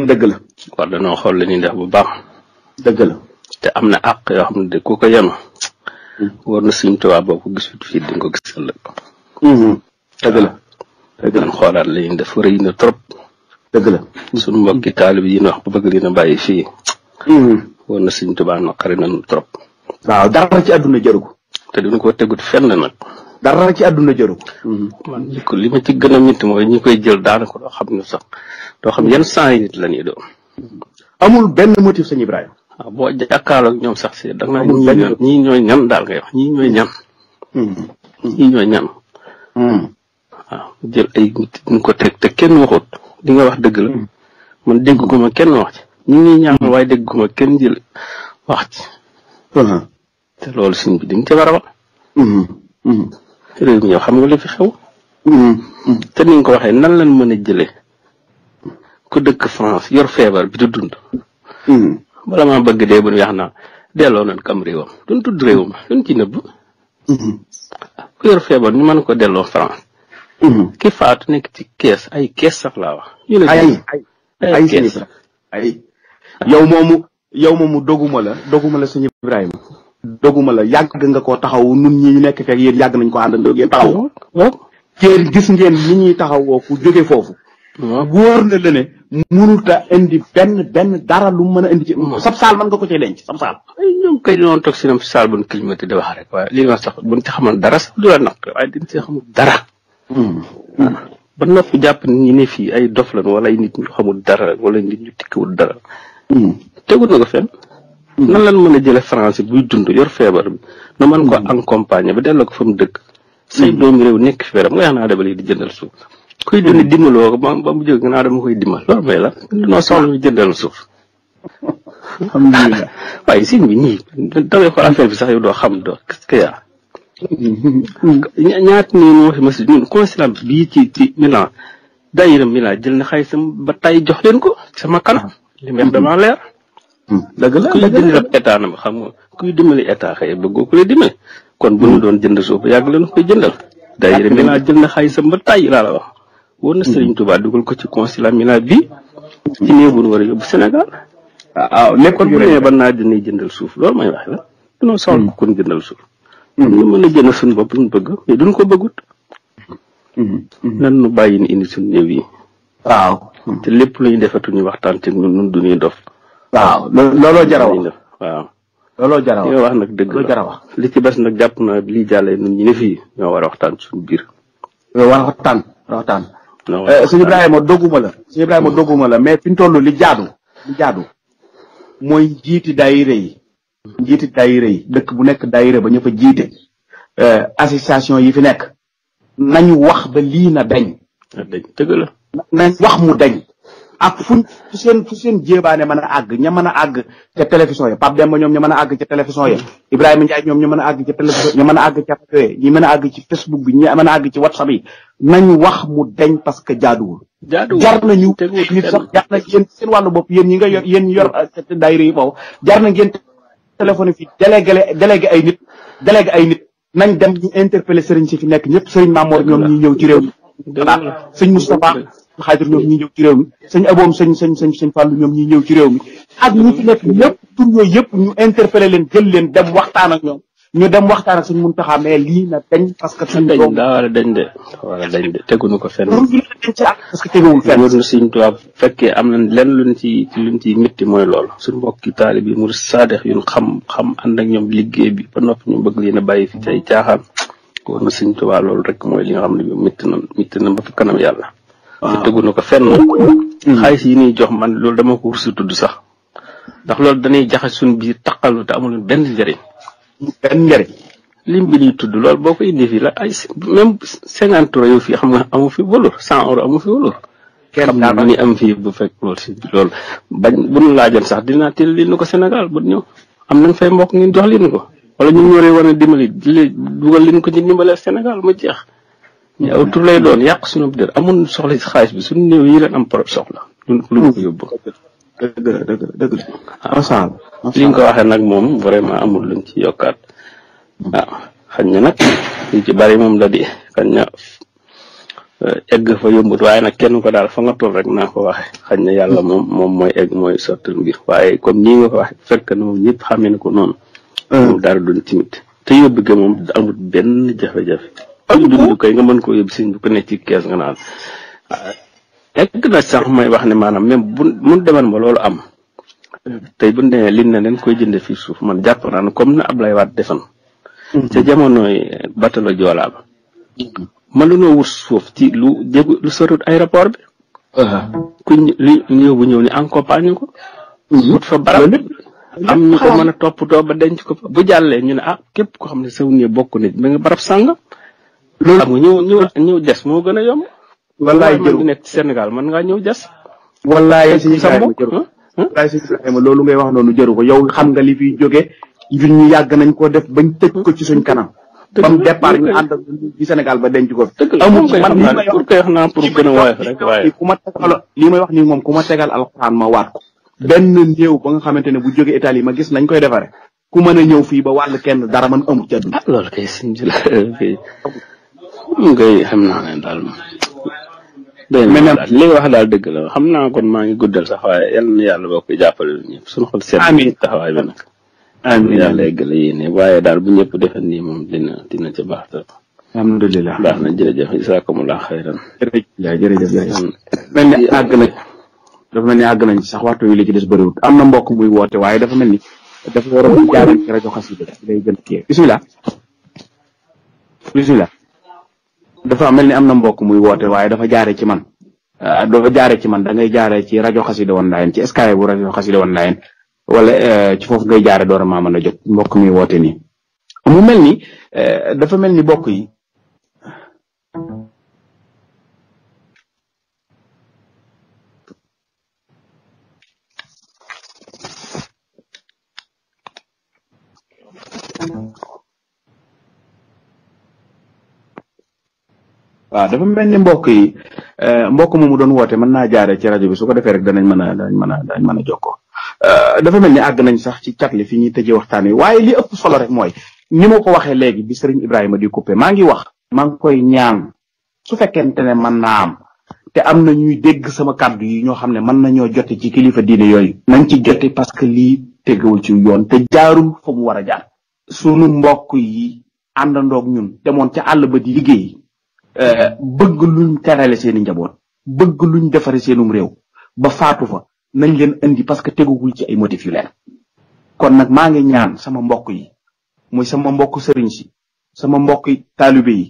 dëgg la. war danoo xool li ñuy def bu baax. dëgg la. te am na àq yoo xam ne de ku ko yenu war na suñ tubaab boo ko gisut fii di nga ko gisal mm-hmm. la. dëgg la dëgg la xoolaat la ñuy def rëy na trop. dëgg la suñu mbokki taalib yi ñu wax ba bëgg li na bàyyi fii. Mm-hmm. war na suñ tubaab naqari nañu trop. waaw dara ci àdduna jëru ko. te duñu ko tegut fenn nag. dara ci àdduna jëru ko. Mm-hmm. ko li ma ci gën a métti mooy ñi koy jël daanako doo xam ne sax doo xam yan saa yi nit la ñuy amul benn motif sëñ Ibrahima. waaw ah, boo jàkkaarloog ñoom sax si da nga naan ñii ñooy ñan daal ngay wax ñii ñooy ñan. Hmm. Hmm. ñii ñooy ñan. waaw hmm. ah, jël ay ñu ko teg te kenn waxut li nga wax dëgg la man ma kenn wax ci ñu ngi ñaanal waaye dégguma kenn jël wax ci. Uh-huh. te loolu suñ bi dañ ca war a wax. réew mi yow xam nga lafi fi xew. te ni nga ko waxee nan lañ mën a jëlee ku dëkk France yor feebar bi du dund. bala maa bëgg dee bu ñu wax naa delloo nañ kam réewam duñ tudd réew ma duñ ci mhm. feebar ñu mën ko delloo France. Mhm. ki faatu nekk ci kees ay kees sax laa wax. ñu ne ay ay yow moomu yow moomu doguma la doguma la suñu Ibrahima. doguma la yàgg nga ko taxaw nun ñi ñu nekk fee yéen yàgg nañ ko àndandoo yéen taxaw. waaw gis ngeen ni ñuy taxawoo ku jóge foofu. wóor na la ne mënut a indi benn benn dara lu mën a indi ci sab saal mën nga ko cay denc sab saal ñoom kay noonu toog si wax rek waaye li ma sax buñ ci xamoon dara sax du la naq xamul dara hmm. Hmm. ba noppi jàpp ñi ne fii ay dof wala ay xamul dara wala nit ñu dara hmm. tegul na ko fenn nan la mën a jële français buy dund yor feebar bi nu mën ko accompagner ba delloo ko fa mu dëkk say doomi réew nekk fi beram nga yax naa debal di jëndal suuf kuy dund dimbaloo ko ba mu jóg nga naa dama koy dimbal loolu may la noo soxla ñu jëndal suuf alhamdulilah waaye sëñ bi ñii dawee xool affaire bi sax yow doo xam doo qu'est-ce ñaat nii nu waxi masjid ñun consulat bii ci ci Milan daayira Milan jël na xaalisam ba jox leen ko sama kanam ah. li meex mm-hmm. na xam nga kuy dimbali état xëy bu ñu doon jënd suuf yàgg leen koy jëndal daayira ba tay laa la wax wóor na Serigne Touba dugal ko ci consulat Milan bi ci néew bu nu war a yóbbu Sénégal. waaw nekkoon bu jëndal suuf loolu mooy wax la. dañoo soxla ku kon ñu mën duñ ko bëggut. nu bàyyi ni indi suñu néew lépp lu ñu defatu waxtaan ci ñun ñun dof. looloo jar looloo jar wax nag dëgg la li ci bés nag jàpp naa jàllee ñun ñu ne fii war a waxtaan suñu biir. war a waxtaan. Eh, sëñ Ibrahima dogguma la sëñ Ibrahima dogguma la mais fi ñu toll li jaadu li jaadu mooy jiiti daayira yi jiiti daayira yi dëkk bu nekk daayira ba ñu fa jiite eh, association yi fi nekk nañu wax ba lii na dañ dëgg nañ wax mu dañ ak fu seen fu seen jéebaane mën a àgg ña mën a àgg ca télévision ya Pape Demba ñoom ña mën a àgg ca télévision ya Ibrahima Ndiaye ñoom ña mën a àgg ca télévision ña mën a àgg ca rajo ya ñi mën a àgg ci Facebook a àgg ci WhatsApp yi nañu wax mu deñ parce que jaaduwul jar nañu nit sax jar na yéen seen wàllu bopp yéen ñi nga yor yéen yor euh, daayira yi foofu jar na ngeen téléphone fi délégué délégué ay nit délégué ay nit nañ dem ñu interpeller sëriñ si fi nekk ñëpp sëriñ Mamour ñoom ñi ñëw ci réew mi sëñ Moustapha xaadir ñoom ñi ñëw ci réew mi sëñ aboom sëñ sëñ sëñ sëñ fàllu ñoom ñi ñëw ci réew mi ak ñi ci nekk ñu leen jël leen dem waxtaan ak ñoom ñu dem waxtaan ak suñ Muntaxa mais lii na dañ parce que suñ doom daa war a dañ de war a ko fenn parce que teguwul fenn wër tubaab fekkee am na lenn luñ ci luñ ciy métti mooy loolu suñ mbokki taalib yi mu saadex yun xam xam ànd ak ñoom liggéey bi ba noppi ñu bëgg leen a bàyyi fi tey caaxaan ko wër na suñ tubaab loolu rek mooy li nga xam ne bi métti na métti na ba fa yàlla te teguñu ko fen hmm. xaalis si ni jox man loolu dama ko wursu tudd sax ndax loolu dañuy jaxas suñu biir taqalu te amul benn njëriñ. benn njëriñ. bi ñuy tudd lool boo ko indi fii la ay même cinquante euros yow fii xam nga amu fi wóolur cent euros amu fi wóolur. kenn daal ni am fii bu fekk loolu si loolu bañ bu ñu sax dinaa teel li nu ko Sénégal bu ñëw am nañ fay mbokk ngeen jox leen ko wala ñu ñoree war a dimbali dugal leen ko ci dimbaleel Sénégal mu jeex. ñu aw tur lay doon yàq suñu der amul soxla si xaalis bi suñu néew yi leen am problème soxla ñun lu ñu ko yóbbu. li ko waxee nag moom vraiment amul luñ ci yokkaat waaw hmm. ah, xañ na nag li ci bari moom la di xañ na eh, egg fa yombut waaye nag kenn ko daal fo nga toll rek naa ko waxee xañ na yàlla moom moom mooy egg mooy sotti mbir waaye comme nii nga ko waxee fekk na moom ñëpp xamee na ko noonu. moom dara duñ timit te yóbbu gi moom amul benn jafe-jafe. am dund kay nga mën koo yóbbu sëñ bi ku ne ci kees nga naan egg na sax may wax ne maanaam même bu mun deman ba loolu am tey bu ne lin na leen koy jënde fii suuf man jàpp naa ne comme na Ablaye Wade defoon mhm. ca jamonoy batalo joolaa ba man mhm. lu noo wut suuf ci lu jégu lu sorut aéroport bi uh-huh. ku li ñëw bu ñëw ni accompagne ko mhm. wut fa barab am ñu ko mën a toppatoo ba denc ko fa bu jàllee ñu ne ah képp ko xam ne saw ne bokk nit mi nga barab sàngam loolu xam nga ñëw des moo gën a yomb. wallaay jërëjëf nekk ci Sénégal mën ngaa ñëw des. wallaay si sa mbokk loolu ngay wax noonu jëru ko yow xam nga li fiy jóge ñun ñu yàgg nañ ko def bañ tëj ko ci suñ kanam. bam départ ñu ànd ak ci ba denc ko fi. dëgg la moom kay xam naa pour kay a woyof rek waaye. ku ma tegal li may wax nii moom ku ma tegal alxuraan ma waat ko. benn néew ba nga xamante ne bu jógee Italie ma gis nañ koy defare ku mën a ñëw fii ba wàll kenn dara man amul ci àdduna. ah loolu kay ngay xam naa leen daal moom. day wax daal dëgg la xam naa kon maa ngi guddal sax waaye yal na yàlla bokk jàppale ñëpp suñu xol seen. amiin taxawaay bi nag. amiin yàlla waaye daal bu ñëpp nii moom dina dina ca baax trop. alhamdulilah baax na jërëjëf isaakumullah xayran. jërëjëf jërëjëf mel ni àgg nañ dafa mel ni sax waxtu wi li ci des bëriwul am na mbokk muy woote waaye dafa mel ni dafa waroon jaarale ci rajo xasida day dafa mel ni am na mbokk muy woote waaye dafa jaare ci man ah, dafa jaare ci man da ngay jaare ci rajo xasida online ci sky bu rajo xasida online wala eh, ci foofu ngay jaare door a maa mën a jot mbokk mi woote nii mu mel ni eh, dafa mel ni mbokk yi waaw dafa mel ni mbokk yi eh, mbokk mu doon woote mën naa jaare ci rajo bi su ko defee rek danañ mën a danañ mën a mën a jokkoo eh, dafa mel ni àgg nañ sax ci catli fi ñuy tëjee waxtaan wi waaye li ëpp solo rek mooy ni ma ko waxee léegi bi sëriñ Ibrahima di coupé maa ngi wax maa ngi koy ñaan su fekkente ne mën naa am te am na ñuy dégg sama kàddu yi ñoo xam ne mën nañoo jote ci kilifa diine yooyu nañ ci jote parce que lii tegewul ci yoon te jaarul fa mu war a jaar sunu mbokk yi àndandoog ñun demoon ca àll ba di liggéey Eh, bëgg luñ terale seeni njaboot bëgg luñ defare seenum réew ba faatu fa nañ leen indi parce que tegugul ci ay motif yu leer kon nag maa ngi ñaan sama mbokk yi mooy sama mbokk sëriñ si sama mbokk taalibe yi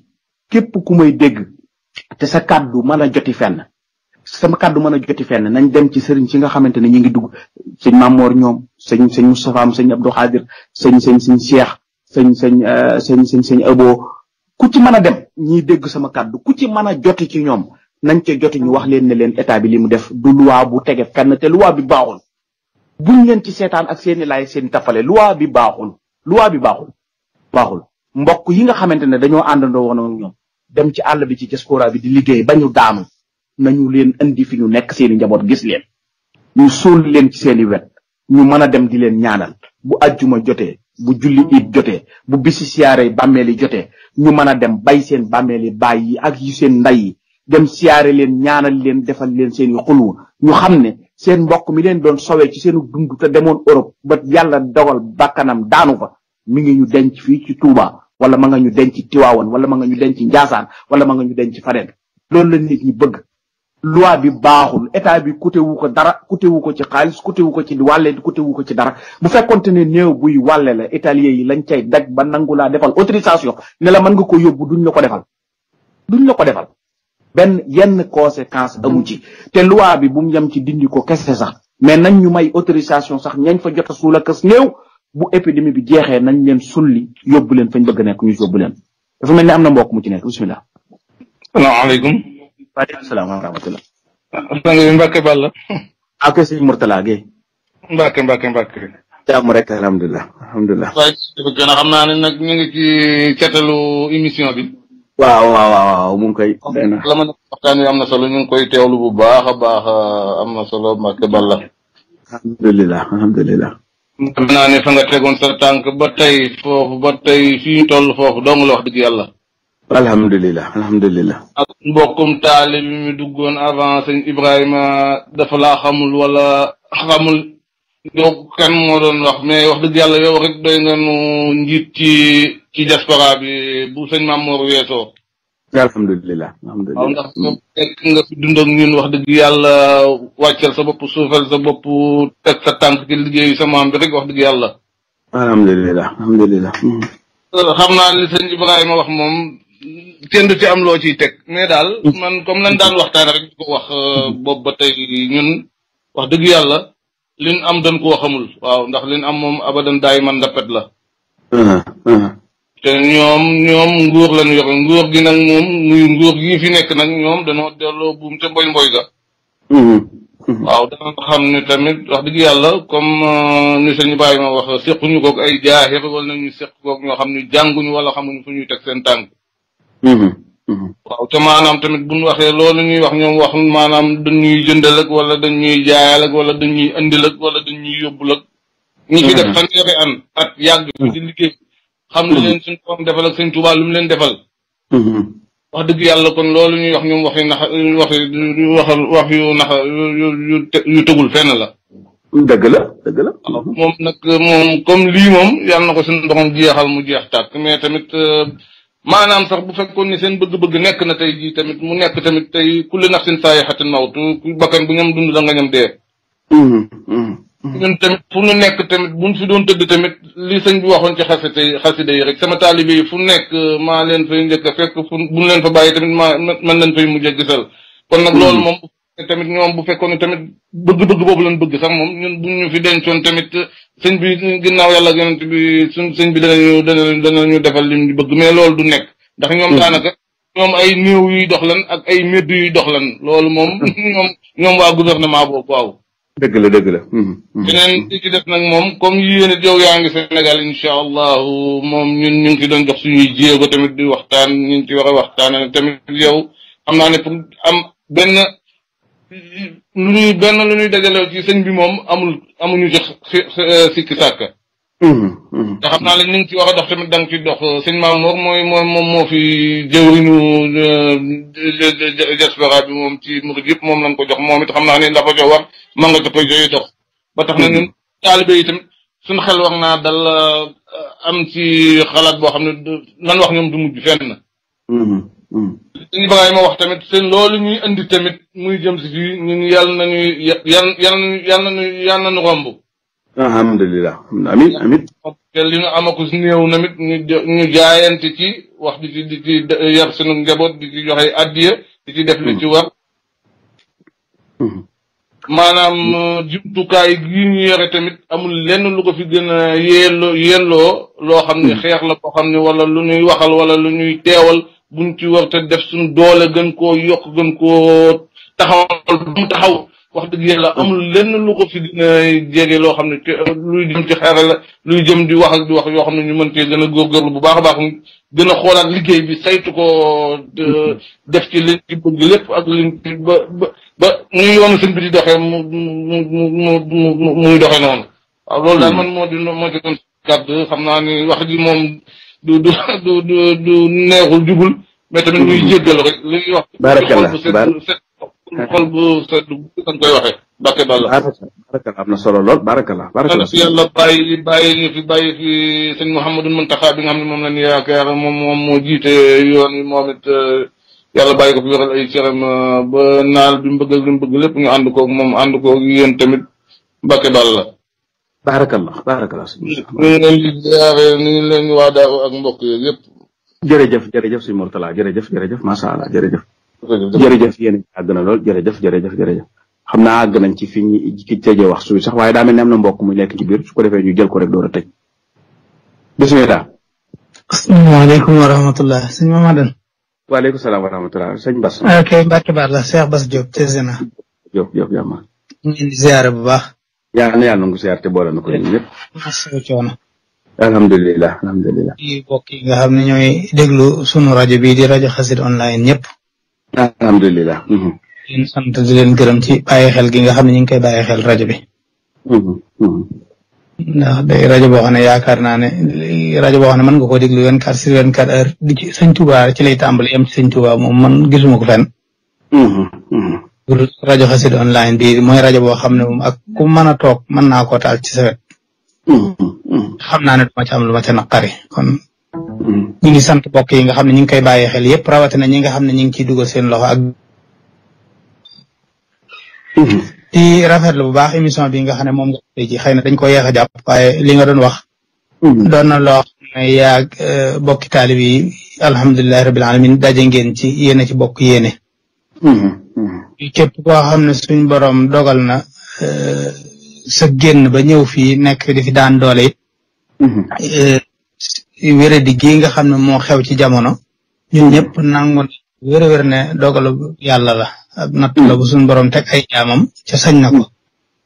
képp ku may dégg te sa kàddu mën a joti fenn sama kàddu mën a joti fenn nañ dem ci sëriñ si nga xamante ne ñu ngi dugg sëñ Mamoor ñoom sëñ sëñ Moustapha am sëñ Abdou Xaadir sëñ sëñ sëñ Cheikh sëñ sëñ eh, sëñ sëñ sëñ Abo ku ci mën a dem ñiy dégg sama kàddu ku ci mën a joti ci ñoom nañ ca joti ñu wax leen ne leen état bi li mu def du loi bu tege fenn te loi bi baaxul buñ leen ci seetaan ak seeni laay seen tafale loi bi baaxul luwa bi baaxul baaxul mbokk yi nga xamante ne dañoo àndandoo woon ñoom dem ci àll bi ci diaspora bi di liggéey ba ñu daanu nañu leen indi fi ñu nekk seeni njaboot gis leen ñu suul leen ci seeni wet ñu mën a dem di leen ñaanal bu ajjuma jotee bu julli it jotee bu bisi siyaare bàmmeel yi jotee ñu mën a dem bay seen bàmmeel yi bàyyi yi ak yu seen nday yi dem siyaare leen ñaanal leen defal leen seen i xulwu ñu xam ne seen mbokk mi leen doon sowee ci seenu dund te demoon Europe ba yàlla dogal bakkanam daanu fa mu ngi ñu denc fii ci Touba wala ma nga ñu denc Tiwaawan wala ma nga ñu denc Njaasaan wala ma nga ñu denc faneen loolu la nit ñi bëgg loi bi baaxul état bi coûté wu ko dara coûté wu ko ci xaalis coûté wu ko ci wàlle coûté wu ko ci dara bu fekkonte ne néew buy walle la italien yi lañ cay daj ba nangu laa defal autorisation ne la mën nga ko yóbbu duñ la ko defal duñ la ko defal benn yenn conséquence amu ci te loi bi bu mu yem ci dindi ko kese sax mais nañ ñu may autorisation sax ñañ fa jota a suul ak néew bu épidémie bi jeexee nañ leen sulli yóbbu leen fañ bëgg nekk ñu yóbbu leen dafa mel ni am na mbokk mu ci nekk bisimilah. salaamaaleykum. waaleykum salaam wa rahmatulah. sang bi Mbacke Balla. ak si Mourtala Guèye. Mbacke Mbacke Mbacke. jàmm rek alhamdulilah alhamdulilah. waaye xam naa ne nag ñu ngi émission bi. waaw waaw waaw mu ngi koy. la am na solo ñu ngi koy teewlu bu baax a baax am na solo Mbacke Balla. alhamdulilah alhamdulilah. xam naa ne fa nga tegoon sa tànk ba tey foofu ba tey fii ñu toll foofu dong la dëgg yàlla. alhamdulilah alhamdulilah. ak mbokkum taali bi mu duggoon avant sëñ Ibrahima dafa laa xamul wala xamul yow kan moo doon wax mais wax dëgg yàlla yow rek doy nga nu njiit ci ci diaspora bi bu sëñ Mamour weetoo. alhamdulilah alhamdulilah waaw ndax moom fekk nga fi wax dëgg yàlla wàccel sa bopp suufal sa bopp teg sa tànk ci liggéey sa maam bi rek wax dëgg yàlla. alhamdulilah xam naa li sëñ Ibrahima wax moom. tendu ci am loo ciy teg mais daal mm. man comme lan daan waxtaan rek ko wax euh, boobu ba tey ñun wax dëgg yàlla liñ am dañ koo xamul waaw ndax liñ am moom abadan daay man dappet la uh-huh, uh-huh. te ñoom ñoom nguur lañu yor nguur gi nag moom muy nguur gi fi nekk nag ñoom danoo delloo buum ca mboy mboy ga uh-huh, waaw dana xam ne tamit wax dëgg yàlla comme euh, ni sañu bàyyi ma wax séquñu koog ay jaaxir wala nañu séq koog ñoo xam ne jànguñu wala xamuñu fu ñuy teg seen tànk Mm-hmm. waaw te maanaam tamit bu ñu waxee loolu ñuy wax ñoom wax maanaam dañuy jëndal ak wala dañuy jaayal ak wala dañuy andil ak wala dañuy yóbbul ak ñi fi def mm-hmm. an at yàgg mm-hmm. di liggéey xam ne leen suñu borom defal ak lu mu leen defal wax dëgg yàlla kon loolu ñuy wax ñoom waxi nax waxi wax wax yu nax yu tegul fenn la dëgg la dëgg la moom nag comme lii moom yàlla na ko suñu borom jeexal mu jeex tàkk mais tamit euh, maanaam sax bu fekkoon ni seen bëgg-bëgg nekk na tey jii tamit mu nekk tamit tey kulli nafsin saayaxatin mawtu bakkan bu ñam dund da nga ñam dee mm-hmm. Mm-hmm. Mm-hmm. tamit fu ñu nekk tamit bu buñ fi doon tëdd tamit li sëñ bi waxoon ci xasida yi xasida rek sama taalibe yi fu nekk uh, maa leen fay njëkk a fekk fu buñ leen fa bàyyi tamit maa man leen fay mujj a gisal kon nag loolu moom tamit ñoom bu fekkoon ne tamit bëgg-bëgg boobu leen bëgg sax moom ñun buñ ñu fi dencoon tamit sëñ bi ginaaw yàlla ak yonent bi suñ sëñ bi danañu danañu danañu defal li bëgg mais loolu du nekk. ndax ñoom hmm. daanaka ñoom ay néew yuy dox lan ak ay médd yuy dox lan loolu moom. Hmm. ñoom ñoom waa gouvernement boobu waw dëgg la dëgg la. Hmm. beneen li ci def nag moom comme yéen it yow yaa ngi Sénégal incha allahu moom ñun ñu ngi ci doon jox suñuy jéego tamit di waxtaan ñu ngi ci war a waxtaan tamit yow am naa ne pour am benn. nu ñuy benn lu ñuy dajale ci sëñ bi moom amul amuñu ci eh, sikki sàkk mm-hmm, mm-hmm. te xam naa leen ni nga ci wax a dox tamit da nga ci dox eh, sëñ Mamour mooy moom moom moo fi jëwriñu eh, diaspora bi moom ci murid yëpp moom lañ ko jox moom it xam naa ne dafa jox war ma nga jëpp yooyu dox ba tax na ñun mm-hmm. taalibe yi tamit xel wax naa dal am ci xalaat boo xam ne lan wax ñoom du mujj fenn Hmm. suñu bagaay wax tamit seen loolu ñuy indi tamit muy jëm si fii ñun yàlla nañuy yan yan yan nañuy yan nañu alhamdulilah amiin amiin. te li ñu amaku si namit ñu ñu jaayante ci wax di ci di ci yar sunu njaboot di ci joxe addiya di ci def li ci war. Hmm. maanaam jumtukaay gi ñu yore tamit amul lenn lu ko fi gën a yelloo yelloo loo xam ne hmm. xeex la xam ne wala lu ñuy waxal wala lu ñuy teewal. bu ci war te def suñ doole gën koo yokk gën koo taxawal bu taxaw wax dëgg yàlla amul lenn lu ko fi dina jege loo xam ne luy jëm luy jëm di wax ak di wax yoo xam ne ñu mën cee gën a góorgóorlu bu baax a baax gën a xoolaat liggéey bi saytu ko def ci liñ ci bëgg lépp ak liñ ci ba ba ba muy yoonu sëñ bi di doxee mu mu mu mu muy doxee noonu loolu daal hmm. man moo di moo ci doon kàddu xam naa ni wax ji moom du du du du du neexul jubul mais tamit muy jéggal rek li wax. barakallah xol bu set koy waxee. Mbacke Balla barakallah am na solo lool barakallah. barakallah si yàlla bàyyi bàyyi ñu fi bàyyi fi sëñ Mouhamadou Mountakha moom la yaakaar moom moom moo jiite yoon yi moom it euh, bàyyi ko fi wéral ay euh, ba naal bi mu bëgg li lépp ñu ànd koog moom ànd koog yéen tamit Mbacke Balla. baarakallah baarakallah suñu leen waa daaw ak mbokk yooyu yëpp jërëjëf jërëjëf suñu Mourtala jërëjëf jërëjëf macha allah jërëjëf jërëjëf yéen àgg na lool jërëjëf jërëjëf jërëjëf xam naa àgg nañ ci fi ñu ki tëjee wax suñu sax waaye daa mel ne am na mbokk mu nekk ci biir su ko defee ñu jël ko rek door a tëj bismillah asalaamaaleykum wa rahmatullah sëñ Mamadan waaleykum salaam wa rahmatullah sëñ Bas ok Mbacke Ba la Cheikh Bas Diop Tezena Diop Diop yaa ma ñu ziyaare bu baax yaa na yàlla nangu siyaar ko ñun ñëpp. masawu coono. alhamdulilah alhamdulilah. yi bokk yi nga xam ne ñooy déglu sunu rajo bii di rajo xasid online ñëpp. alhamdulilah. di mhm. leen sant di leen gërëm ci bàyyi xel gi xam ñu ngi koy bàyyi xel rajo bi. Mhm, mhm. ndax day rajo boo xam ne yaakaar naa ne rajo boo xam ne mën nga koo déglu vingt quatre sur vingt quatre heures di ci sëñ Tuubaa ci man gisuma ko fenn. dul rajo xasid online bi mooy rajo boo xam ne moom ak ku mën a toog mën naa koo taal ci sa wet mm, mm, mm. xam naa ne duma ci am lu ma te naqari kon ñi ngi sant bokk yi nga xam ne ñi ngi koy bàyyi xel yëpp rawatina ñi nga xam ne ñi ngi ciy dugal seen loxo ak mm-hmm. di rafetlu bu baax émission bi nga xam ne moom nga tey xëy na dañ ko yeex a jàpp waaye li nga doon wax mm-hmm. doon na loo xam ne yaag euh, bokki taalib yi alhamdulilahi rabil alamin daje ngeen ci yéene ci bokk yéene mm-hmm. képp koo xam ne suñ borom dogal na eh, sa génn ba ñëw fii nekk di fi daan doole it eh, wéradi nga xam ne moo xew ci jamono ñun ñëpp nangu ne wér wér ne dogalu yàlla la ak natt la bu suñ borom teg ay jaamam ca sañ na ko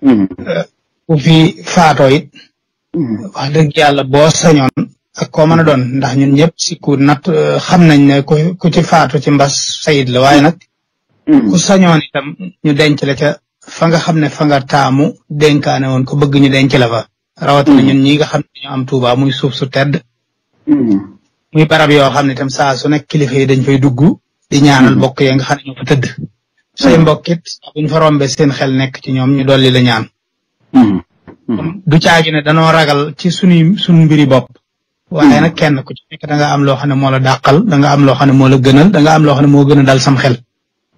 eh, ku fi faatoo it wax dëgg yàlla boo sañoon ak koo mën a doon ndax ñun ñëpp sikku natt xam nañ ne ku ci faato ci mbas sayit la waaye nag Mm. ku sañoon itam ñu denc la ca fa nga xam ne fa nga taamu dénkaane woon ko bëgg ñu denc la fa rawatina mm. ñu ñi nga xam ne ñu am Tuuba muy suuf su tedd mm. muy barab yoo xam ne itam saa su nekk kilifa yi dañ fay dugg di ñaanal mbokk yi nga xam ne ñoo fa tëdd say mbokk it buñ fa rombe seen xel nekk ci ñoom ñu dolli la ñaan du caagi ne danoo ragal ci suñuy suñu mbiri bopp waaye nag kenn ku ci nekk am loo xam ne moo la dàqal da nga am loo xam ne moo la gënal da nga am loo xam ne moo gën a dal sam xel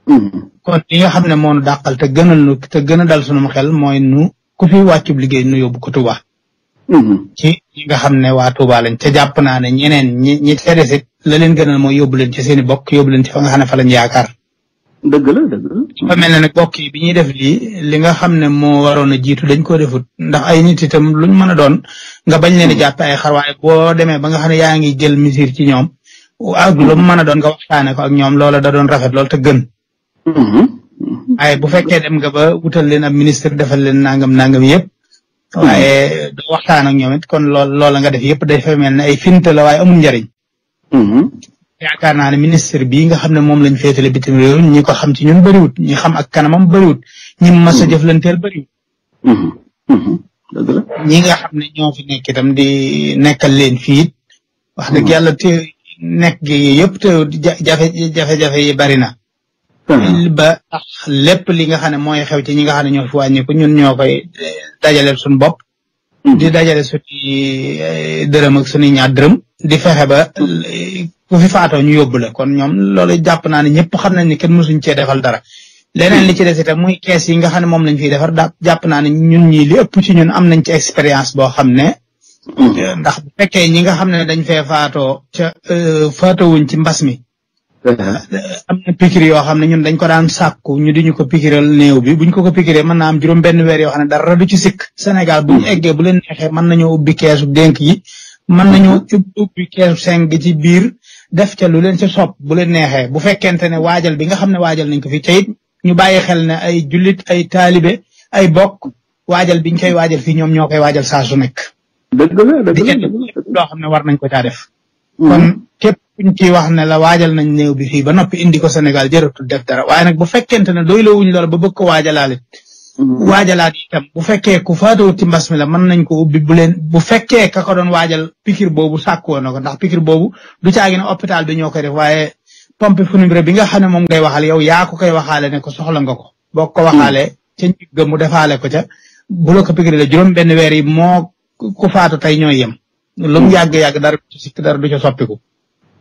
kon li nga xam ne moo nu dàqal te gënal nu te gën a dal sunum xel mooy nu ku fi wàccub liggéey nu yóbbu ko Touba. ki ñi nga xam ne waa Touba lañ ca jàpp naa ne ñeneen ñi ñi ca desit la leen gënal mooy yóbbu leen ci seen i bokk yóbbu leen ci fa nga xam ne fa lañ yaakaar. dëgg la dëgg la. su ne nag yi bi ñuy def lii li nga xam ne moo waroon a jiitu dañ koo defut ndax ay nit itam luñ mën a doon nga bañ leen di jàpp ay xar waaye boo demee ba nga xam ne yaa ngi jël misir ci ñoom ak lu mën a doon nga waxtaane ko ak ñoom loola da rafet lool te gën Mm-hmm. waaye bu fekkee dem nga ba wutal leen ab ministre defal leen nangam nangam yëpp. Mm-hmm. waaye doo waxtaan ak ñoom it kon lool loola nga def yëpp day fa mel ne ay finte la waaye amul njariñ. Mm-hmm. yaakaar naa ne ministre bii nga xam ne moom lañ féetale bitim réew ñi ko xam ci ñun bëriwut ñi xam ak kanamam bëriwut ñi mas a jëflanteel bëriwut. dëgg la ñi nga xam ne ñoo fi nekk itam di nekka leen fii it. wax yàlla te nekk gi yëpp te jafe jafe yi bari na. Hmm. ba lépp li nga xam ne mooy xew ci ñi nga xam ne ñoo fi wàññiku ñun ñoo koy eh, dajale suñu bopp. Hmm. di dajale suñuy eh, dërëm ak suñuy ñaar dërëm. di fexe ba eh, ku fi faatoo ñu yóbbu la kon ñoom loolu jàpp naa ne ñëpp xam nañ ne kenn mësuñ cee defal dara. Hmm. leneen li ci des itam muy kees yi nga xam ne moom lañ fiy defar da jàpp naa ne ñun ñii li ëpp ci ñun am nañ ci expérience boo xam ne. ndax bu fekkee ñi nga xam ne dañ fe faatoo ca faatawuñ ci mbas mi. Uh, am na piqûre yoo xam ne ñun dañ ko daan sàkku ñu di ñu ko piqûral néew bi buñ ko ko piqûree mën na am juróom benn weer yoo xam ne dara du ci sikk Sénégal buñu hmm. eggee bu leen neexee mën nañoo ubbi keesu dénk yi mën nañoo hmm. ubbi keesu seng gi ci biir def ca lu leen ci sopp bu leen neexee bu fekkente ne waajal bi nga xam ne waajal nañ ko fi teyit ñu bàyyi xel ne ay julit ay taalibe ay bokk waajal biñ koy waajal fii ñoom ñoo koy waajal saa su nekk loo xam ne war nañ ko caa def hmm. képp kuñ ciy wax ne la waajal nañ néew bi fii ba noppi indi ko Sénégal jëratul def dara waaye nag bu fekkente ne doy la wuñ loola ba bëgg ko waajalaalit mm-hmm. waajalaat bu fekkee ku faatawut ci mbas mi la mën nañ ko bu leen bu fekkee ka ko doon waajal pikir boobu sàkkoo na ko ndax pikir boobu du caagi ne hôpital bi ñoo koy def waaye pompe funèbre bi nga xam ne moom ngay waxal yow yaa ko koy waxaale ne ko soxla nga ko boo ko waxaalee mm-hmm. ca njëgga mu defaale ko ca bu la ko pikir la juróom benn weer yi moo ku faatu tey ñooy yem lu mu mm-hmm. yàgg-yàgg dara du dara du ca soppiku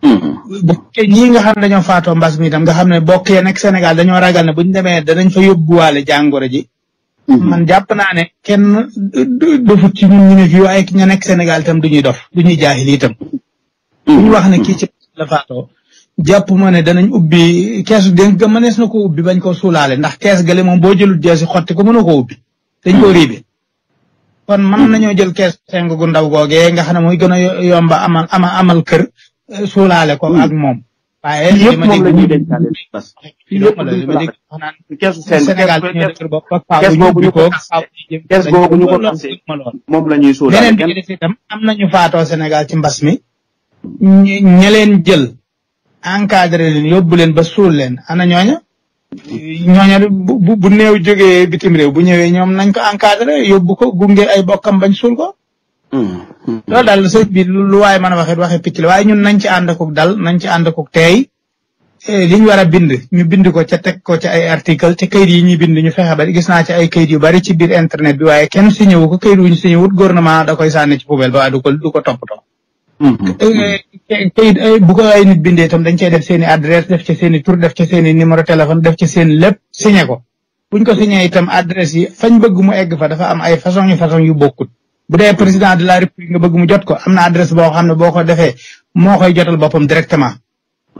Mm-hmm. bokkee ñii nga xam ne dañoo faatoo mbas mi itam nga xam ne bokkee nag Sénégal dañoo ragal ne bu ñu demee danañ fa yóbbuwaale jàngoro ji. Mm-hmm. man jàpp na ne kenn dofut ci ñu ne fii waaye ña du ñuy dof du ñuy jaaxil itam. bu mm-hmm. ñu wax ne kii ci la faatoo. jàpp ma ne danañ ubbi keesu dénk ga mënees na ko ubbi bañ ko sulale ndax kes gale moom boo jëlul jeesi xotti ko mënoo ko ubbi. dañ koo riibi. kon mën nañoo jël kees seng gu ndaw googee nga a yomba amal amal kër suulaale ko ak moom. waaye li ma la kees Sénégal boobu ko boobu ñu ko moom la ñuy suulaale beneen bi def itam am nañu faatoo Sénégal ci mbas mi. ñi leen jël encadré leen leen ba suul leen ana ñooña. ñooña bu bu néew bitim réew bu ñëwee ñoom nañ ko encadré yóbbu ko gunge ay bokkam bañ suul ko. loolu daal sëñ bi lu waaye mën a waxee waxee picc la waaye ñun nañ ci ànd akuk dal nañ ci ànd teey eh, li ñu war a bind ñu bind ko ca teg ko ca ay article ci kayit yi ñuy bind ñu fexe ba gis naa ci ay kayit yu bari ci biir internet bi waaye kenn signé wu ko kayit wu ñu signé wut gouvernement da koy sànni ci poubelle ba du ko du ko toppatoo. Mm-hmm. Eh, ay eh, bu ko ay nit bindee tam dañ cey def seen i adresse def ci seen i tur def ci seen i numéro téléphone def ci seen lépp signé ko buñ ko signé itam adresse yi fañ bëgg mu egg fa dafa am ay façon yu yu bokkut. bu dee président de la république nga bëgg mu jot ko am na adresse boo xam ne boo ko defee moo koy jotal boppam directement.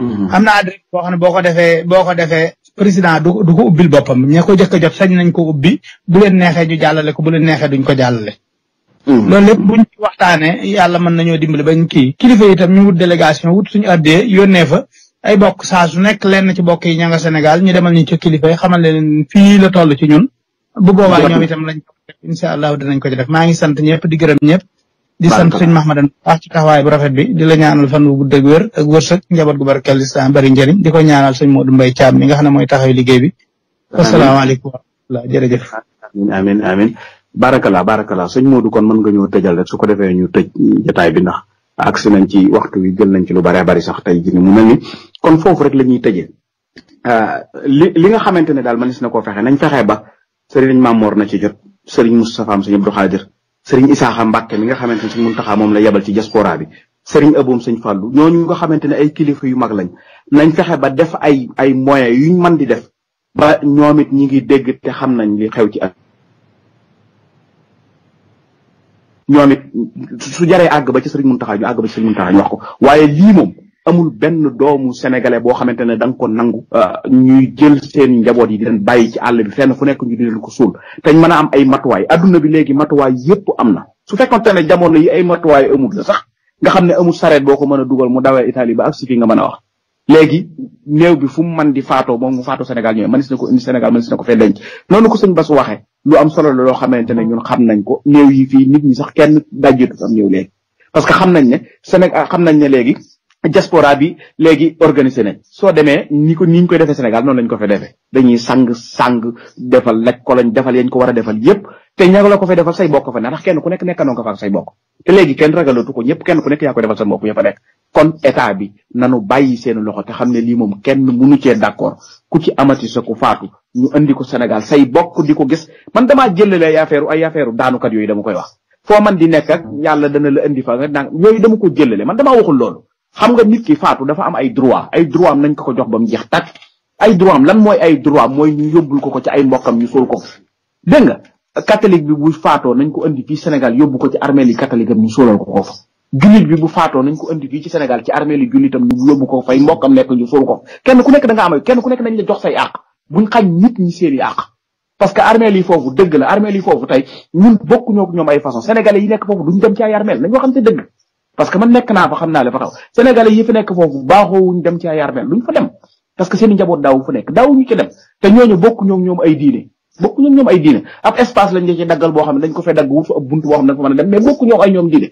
Mm-hmm. am na adresse boo xam ne boo ko defee boo ko defee président du du ko ubbil boppam ña ko jëkk jot sañ nañ ko ubbi bu leen neexee ñu jàllale ko bu leen neexee duñ ko jàllale. Mm-hmm. loolu lépp buñ ci waxtaanee yàlla mën nañoo dimbali bañ kii kilifa yi itam ñu wut délégation wut suñu addee yónnee fa. ay bokk saa su nekk lenn ci bokk yi ña nga Sénégal ñu demal ñu ci kilifa yi fi leen fii la toll ci ñun. bu boobaa mm-hmm. ñoom itam lañ incha allahu dinañ ko ci def maa ngi sant ñëpp di gërëm ñëpp. di sant sëñ Mahmadan baax ci taxawaay bu rafet bi la ñaanal fan wu gudd ak wér ak wërsëg njaboot gu barkeel islam bari njëriñ di ko ñaanal sëñ Modou Mbaye Thiam mi nga xam ne mooy taxaw liggéey bi. asalaamaaleykum wa rahmatulah jërëjëf. amiin amiin amiin barakalaa kon mën nga ñoo tëjal su ko defee ñu tëj jotaay bi ndax agsi nañ ci waxtu wi jël nañ ci lu bari bari sax tey jii mu mel kon foofu rek la ñuy tëjee ah, li li nga xamante ne daal mënees na koo fexe nañ fexe ba sëriñ Mamoor na ci jot sëriñ Moustapha am sëñ Abdou Khadir sëriñ Isaaxa Mbàkke mi nga xamante ne sëñ Muntaxa moom la yebal ci diaspora bi sëriñ Aboum sëñ Fàllu ñooñu nga xamante ne ay kilifa yu mag lañ nañ fexe ba def ay ay moyens yuñ mën di def ba ñoom it ñi ngi dégg te xam nañ li xew ci ak ñoom it su jaree àgg ba ci sëriñ Muntaxa ñu àgg ba ci sëriñ Muntaxa ñu wax ko waaye lii moom amul benn doomu sénégalais boo xamante ne da nga ko nangu euh, ñuy jël seen njaboot yi di leen bàyyi ci àll bi fenn fu nekk ñu di ko suul teñ mën am ay matuwaay adduna bi léegi matuwaay yëpp am na su fekkonte ne jamono yi ay matuwaay amul sax nga xam ne amul sareet boo ko mën a dugal mu dawee itali ba ak si fi nga mën a wax léegi néew bi fu mu mën di faatoo moom mu faatoo Sénégal ñooy mënees ne ko indi Sénégal mënees na ko fee denc noonu ko sëñ Bass waxee lu am solo la loo xamante ne ñun xam nañ ko néew yi fii nit ñi sax kenn dajjatu am ñëw léegi parce que xam nañ ne Sénégal xam nañ ne léegi diaspora bi léegi organisé nañ soo demee ni ko ni ñu koy defee Sénégal noonu lañ ko fa defee dañuy sang sang defal laj ko lañ defal yañ ko war a defal yépp te ña la ko fa defal say bokk fa ne kenn ku nekk nekkandoo nga fa ak say bokk te léegi kenn ragalatu kenn ku nekk yaa ko defal sa bopp ña fa nekk kon état bi nanu bàyyi seen loxo te xam ne lii moom kenn mënu cee d'accord ku ci amati sa ku faatu ñu andi ko Sénégal say bokk di ko gis man damaa jëlale ay affaire ay affaire daanukat yooyu dama koy wax foo man di nekk ak yàlla dana la indi fa nga naan yooyu dama ko jëlale man dama waxul loolu xam nga nit ki faatu dafa am ay droit ay droit am nañ ko ko jox ba mu jeex tàkk ay droit am lan mooy ay droit mooy ñu yóbbul ko ko ci ay mbokkam ñu suul ko dégg nga catholique bi bu faatoo nañ ko indi fii Sénégal yóbbu ko ci armée li catholique am ko ko fa bi bu faatoo nañ ko indi fii ci Sénégal ci armée li jullitam ñu yóbbu ko fay mbokkam nekk ñu suul ko kenn ku nekk da nga am kenn ku nekk nañ la jox say àq buñ xañ nit ñi seeni àq parce que armeel yi foofu dëgg la armeel yi foofu tey ñun bokkuñoo ñoom ay façon sénégalais yi nekk foofu duñ dem ci ay armeel nañ waxante dëgg parce que ma nekk naa fa xam naa la fa xaw sénégalais yi fa nekk foofu baaxoowuñ dem ci ay armeel luñ fa dem parce que seen i njaboot daawu fa nekk daawuñu ci dem te ñooñu bokk ñoom ñoom ay diine bokk ñoom ñoom ay diine espace lañ ci daggal boo xam ne dañ ko fay dagg wut fa ab buntu boo xam ne dafa mën a dem mais bokk ñoom ay ñoom diine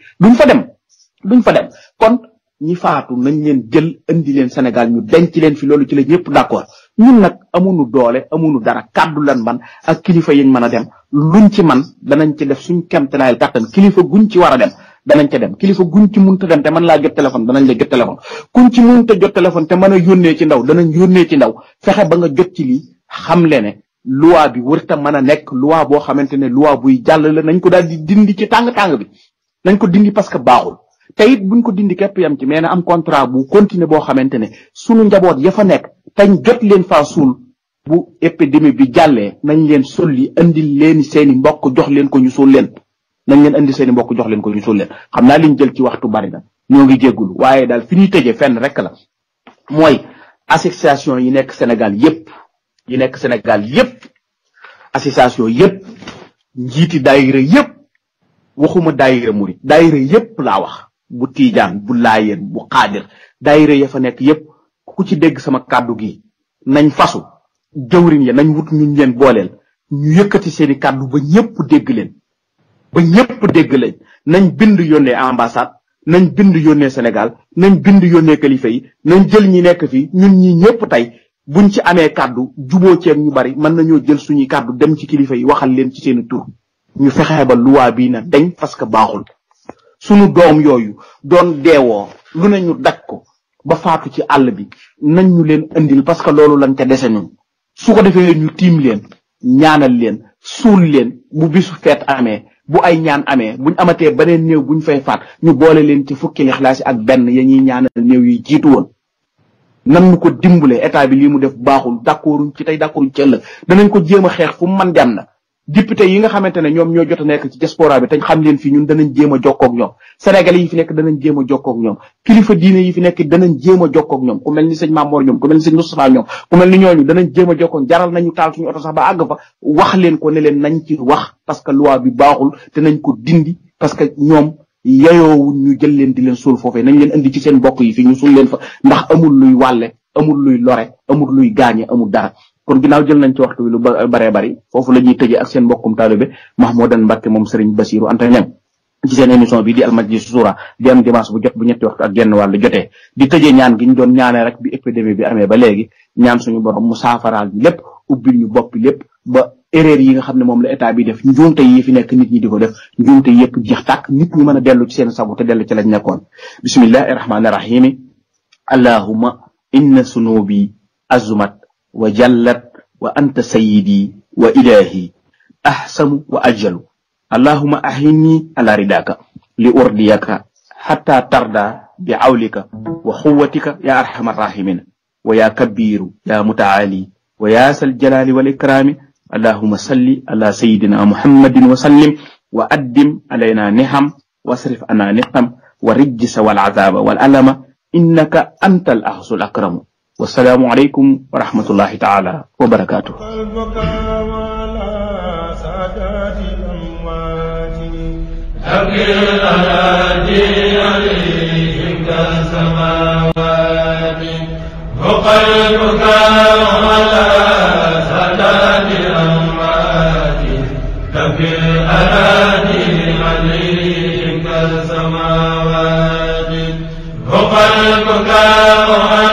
fa dem kon ñi faatu nañ leen jël indi leen Sénégal ñu denc leen fi loolu ci la ñëpp d'accord ñun nag amuñu doole amuñu dara kàddu lan man ak kilifa yi mën a dem luñ ci man danañ ci def suñ naa kàttan kilifa guñ ci war a dem danañ ca dem kilifa guñ ci munta dem te mën laa jot téléphone danañ la jot téléphone kuñ ci munta jot téléphone te mën a yónnee ci ndaw danañ yónnee ci ndaw fexe ba nga jot ci lii xam le ne loi bi wërta mën a nekk loi boo xamante ne loi buy jàll la nañ ko daal di dindi ci tàng-tàng bi nañ ko dindi parce que baaxul te it buñ ko dindi kepp yam ci mais na am contrat bu continuer boo xamante ne sunu njaboot ya fa nekk tañ jot leen fa suul bu épidémie bi jàllee nañ leen solli andil leen seeni mbokk jox leen ko ñu suul leen nañ leen andi seeni mbokk jox leen ko ñu suul leen xam naa liñ jël ci waxtu bari na ñoo ngi jéggulu waaye daal fi ñuy tëjee fenn rek la mooy association yi nekk Sénégal yépp yi nekk Sénégal yépp association yépp njiiti daayira yépp waxuma daayira murit dayre yépp laa wax bu tiijaan bu laayeen bu xaadir daayira ya fa nekk yépp ku ci dégg sama kàddu gi nañ fasu jëwrin ya nañ wut ñu leen booleel ñu yëkkati seeni kàddu ba ñépp dégg leen ba ñëpp dégg lañ nañ bind yónnee ambassade nañ bind yónnee Sénégal nañ bind yónnee kilifa yi nañ jël ñi nekk fii ñun ñi ñëpp tey bu ñu ci amee kàddu juboo ceeb ñu bari mën nañoo jël suñuy kàddu dem ci kilifa yi waxal leen ci seeni tur ñu fexe ba luwaa bii na dañ parce que baaxul suñu doom yooyu doon deewoo lu ne ñu daj ko ba faatu ci àll bi nañ ñu leen indil parce que loolu lañ ca dese ñun su ko defee ñu tiim leen ñaanal leen suul leen bu bisu feet amee bu ay ñaan amee buñ amatee beneen néew buñ fay faat ñu boole leen ci fukki si ak benn ya ñuy ñaanal néew yi jiitu woon nan ñu ko dimbale état bi lii mu def baaxul d'accorduñ ci tey d'accorduñ ci ëllëg danañ ko jéem a xeex fu mu mën na député yi nga xamante ne ñoom ñoo jot a nekk ci diaspora bi te xam leen fi ñun danañ jéem a jokkoo ak ñoom sénégalais yi nekk danañ jéem a jokkoo ak ñoom kilifa diine yi fi nekk danañ jéem a jokkoo ak ñoom ku mel ni sëñ Mamour ñoom ku mel ni sëñ Moustapha ñoom ku mel a sax ba àgg fa wax leen ko ne leen nañ ci wax parce que loi bi baaxul te nañ ko dindi parce que ñoom yeyoowuñ ñu jël leen di leen suul foofee nañ leen indi ci seen bokk yi fi ñu suul leen fa ndax amul luy wàlle amul luy lore amul luy gaañe amul dara kon ginnaaw jël nañ ci waxtu wi lu baree bari foofu la ñuy tëjee ak seen mbokkum taalibe Mahmoudan Mbacke moom Serigne Bassirou Anta Niang ci seen émission bi di Almajlis Zoura di am dimanche bu jot bu ñetti waxtu ak jotee di tëjee ñaan gi ñu doon ñaanee rek bi épidémie bi amee ba léegi ñaan suñu borom mu saafaraal ñu lépp ubbil ñu boppi lépp ba erreur yi nga xam ne moom la état bi def njuumte yi fi nekk nit ñi di ko def njuumte yëpp jeex tàkk nit ñi mën a dellu ci seen sago te dellu ci lañ nekkoon bismillahi rahmaani rahimi allahuma inna sunubi azumat wa jallat wa anta sayyidi wa ilaahi ahsamu wa ajalu allahuma ahinni ala ridaka li urdiyaka xatta tarda bi awlika wa xuwatika ya arxama arrahimin wa ya kabiru ya mutaali wa ya sal jalaali wal ikraami allahuma salli ala sayidina muhammadin wa sallim wa addim alayna niham wasrif ana niqam wa rijsa wal azaba wal alama innaka anta al ahsu al akramu wasalaamu aleykum wa rahmatullahi taala wa barakaatu وقلبك على سادات الأموات تبكي الأنادي عليهم كالسماوات وقلبك على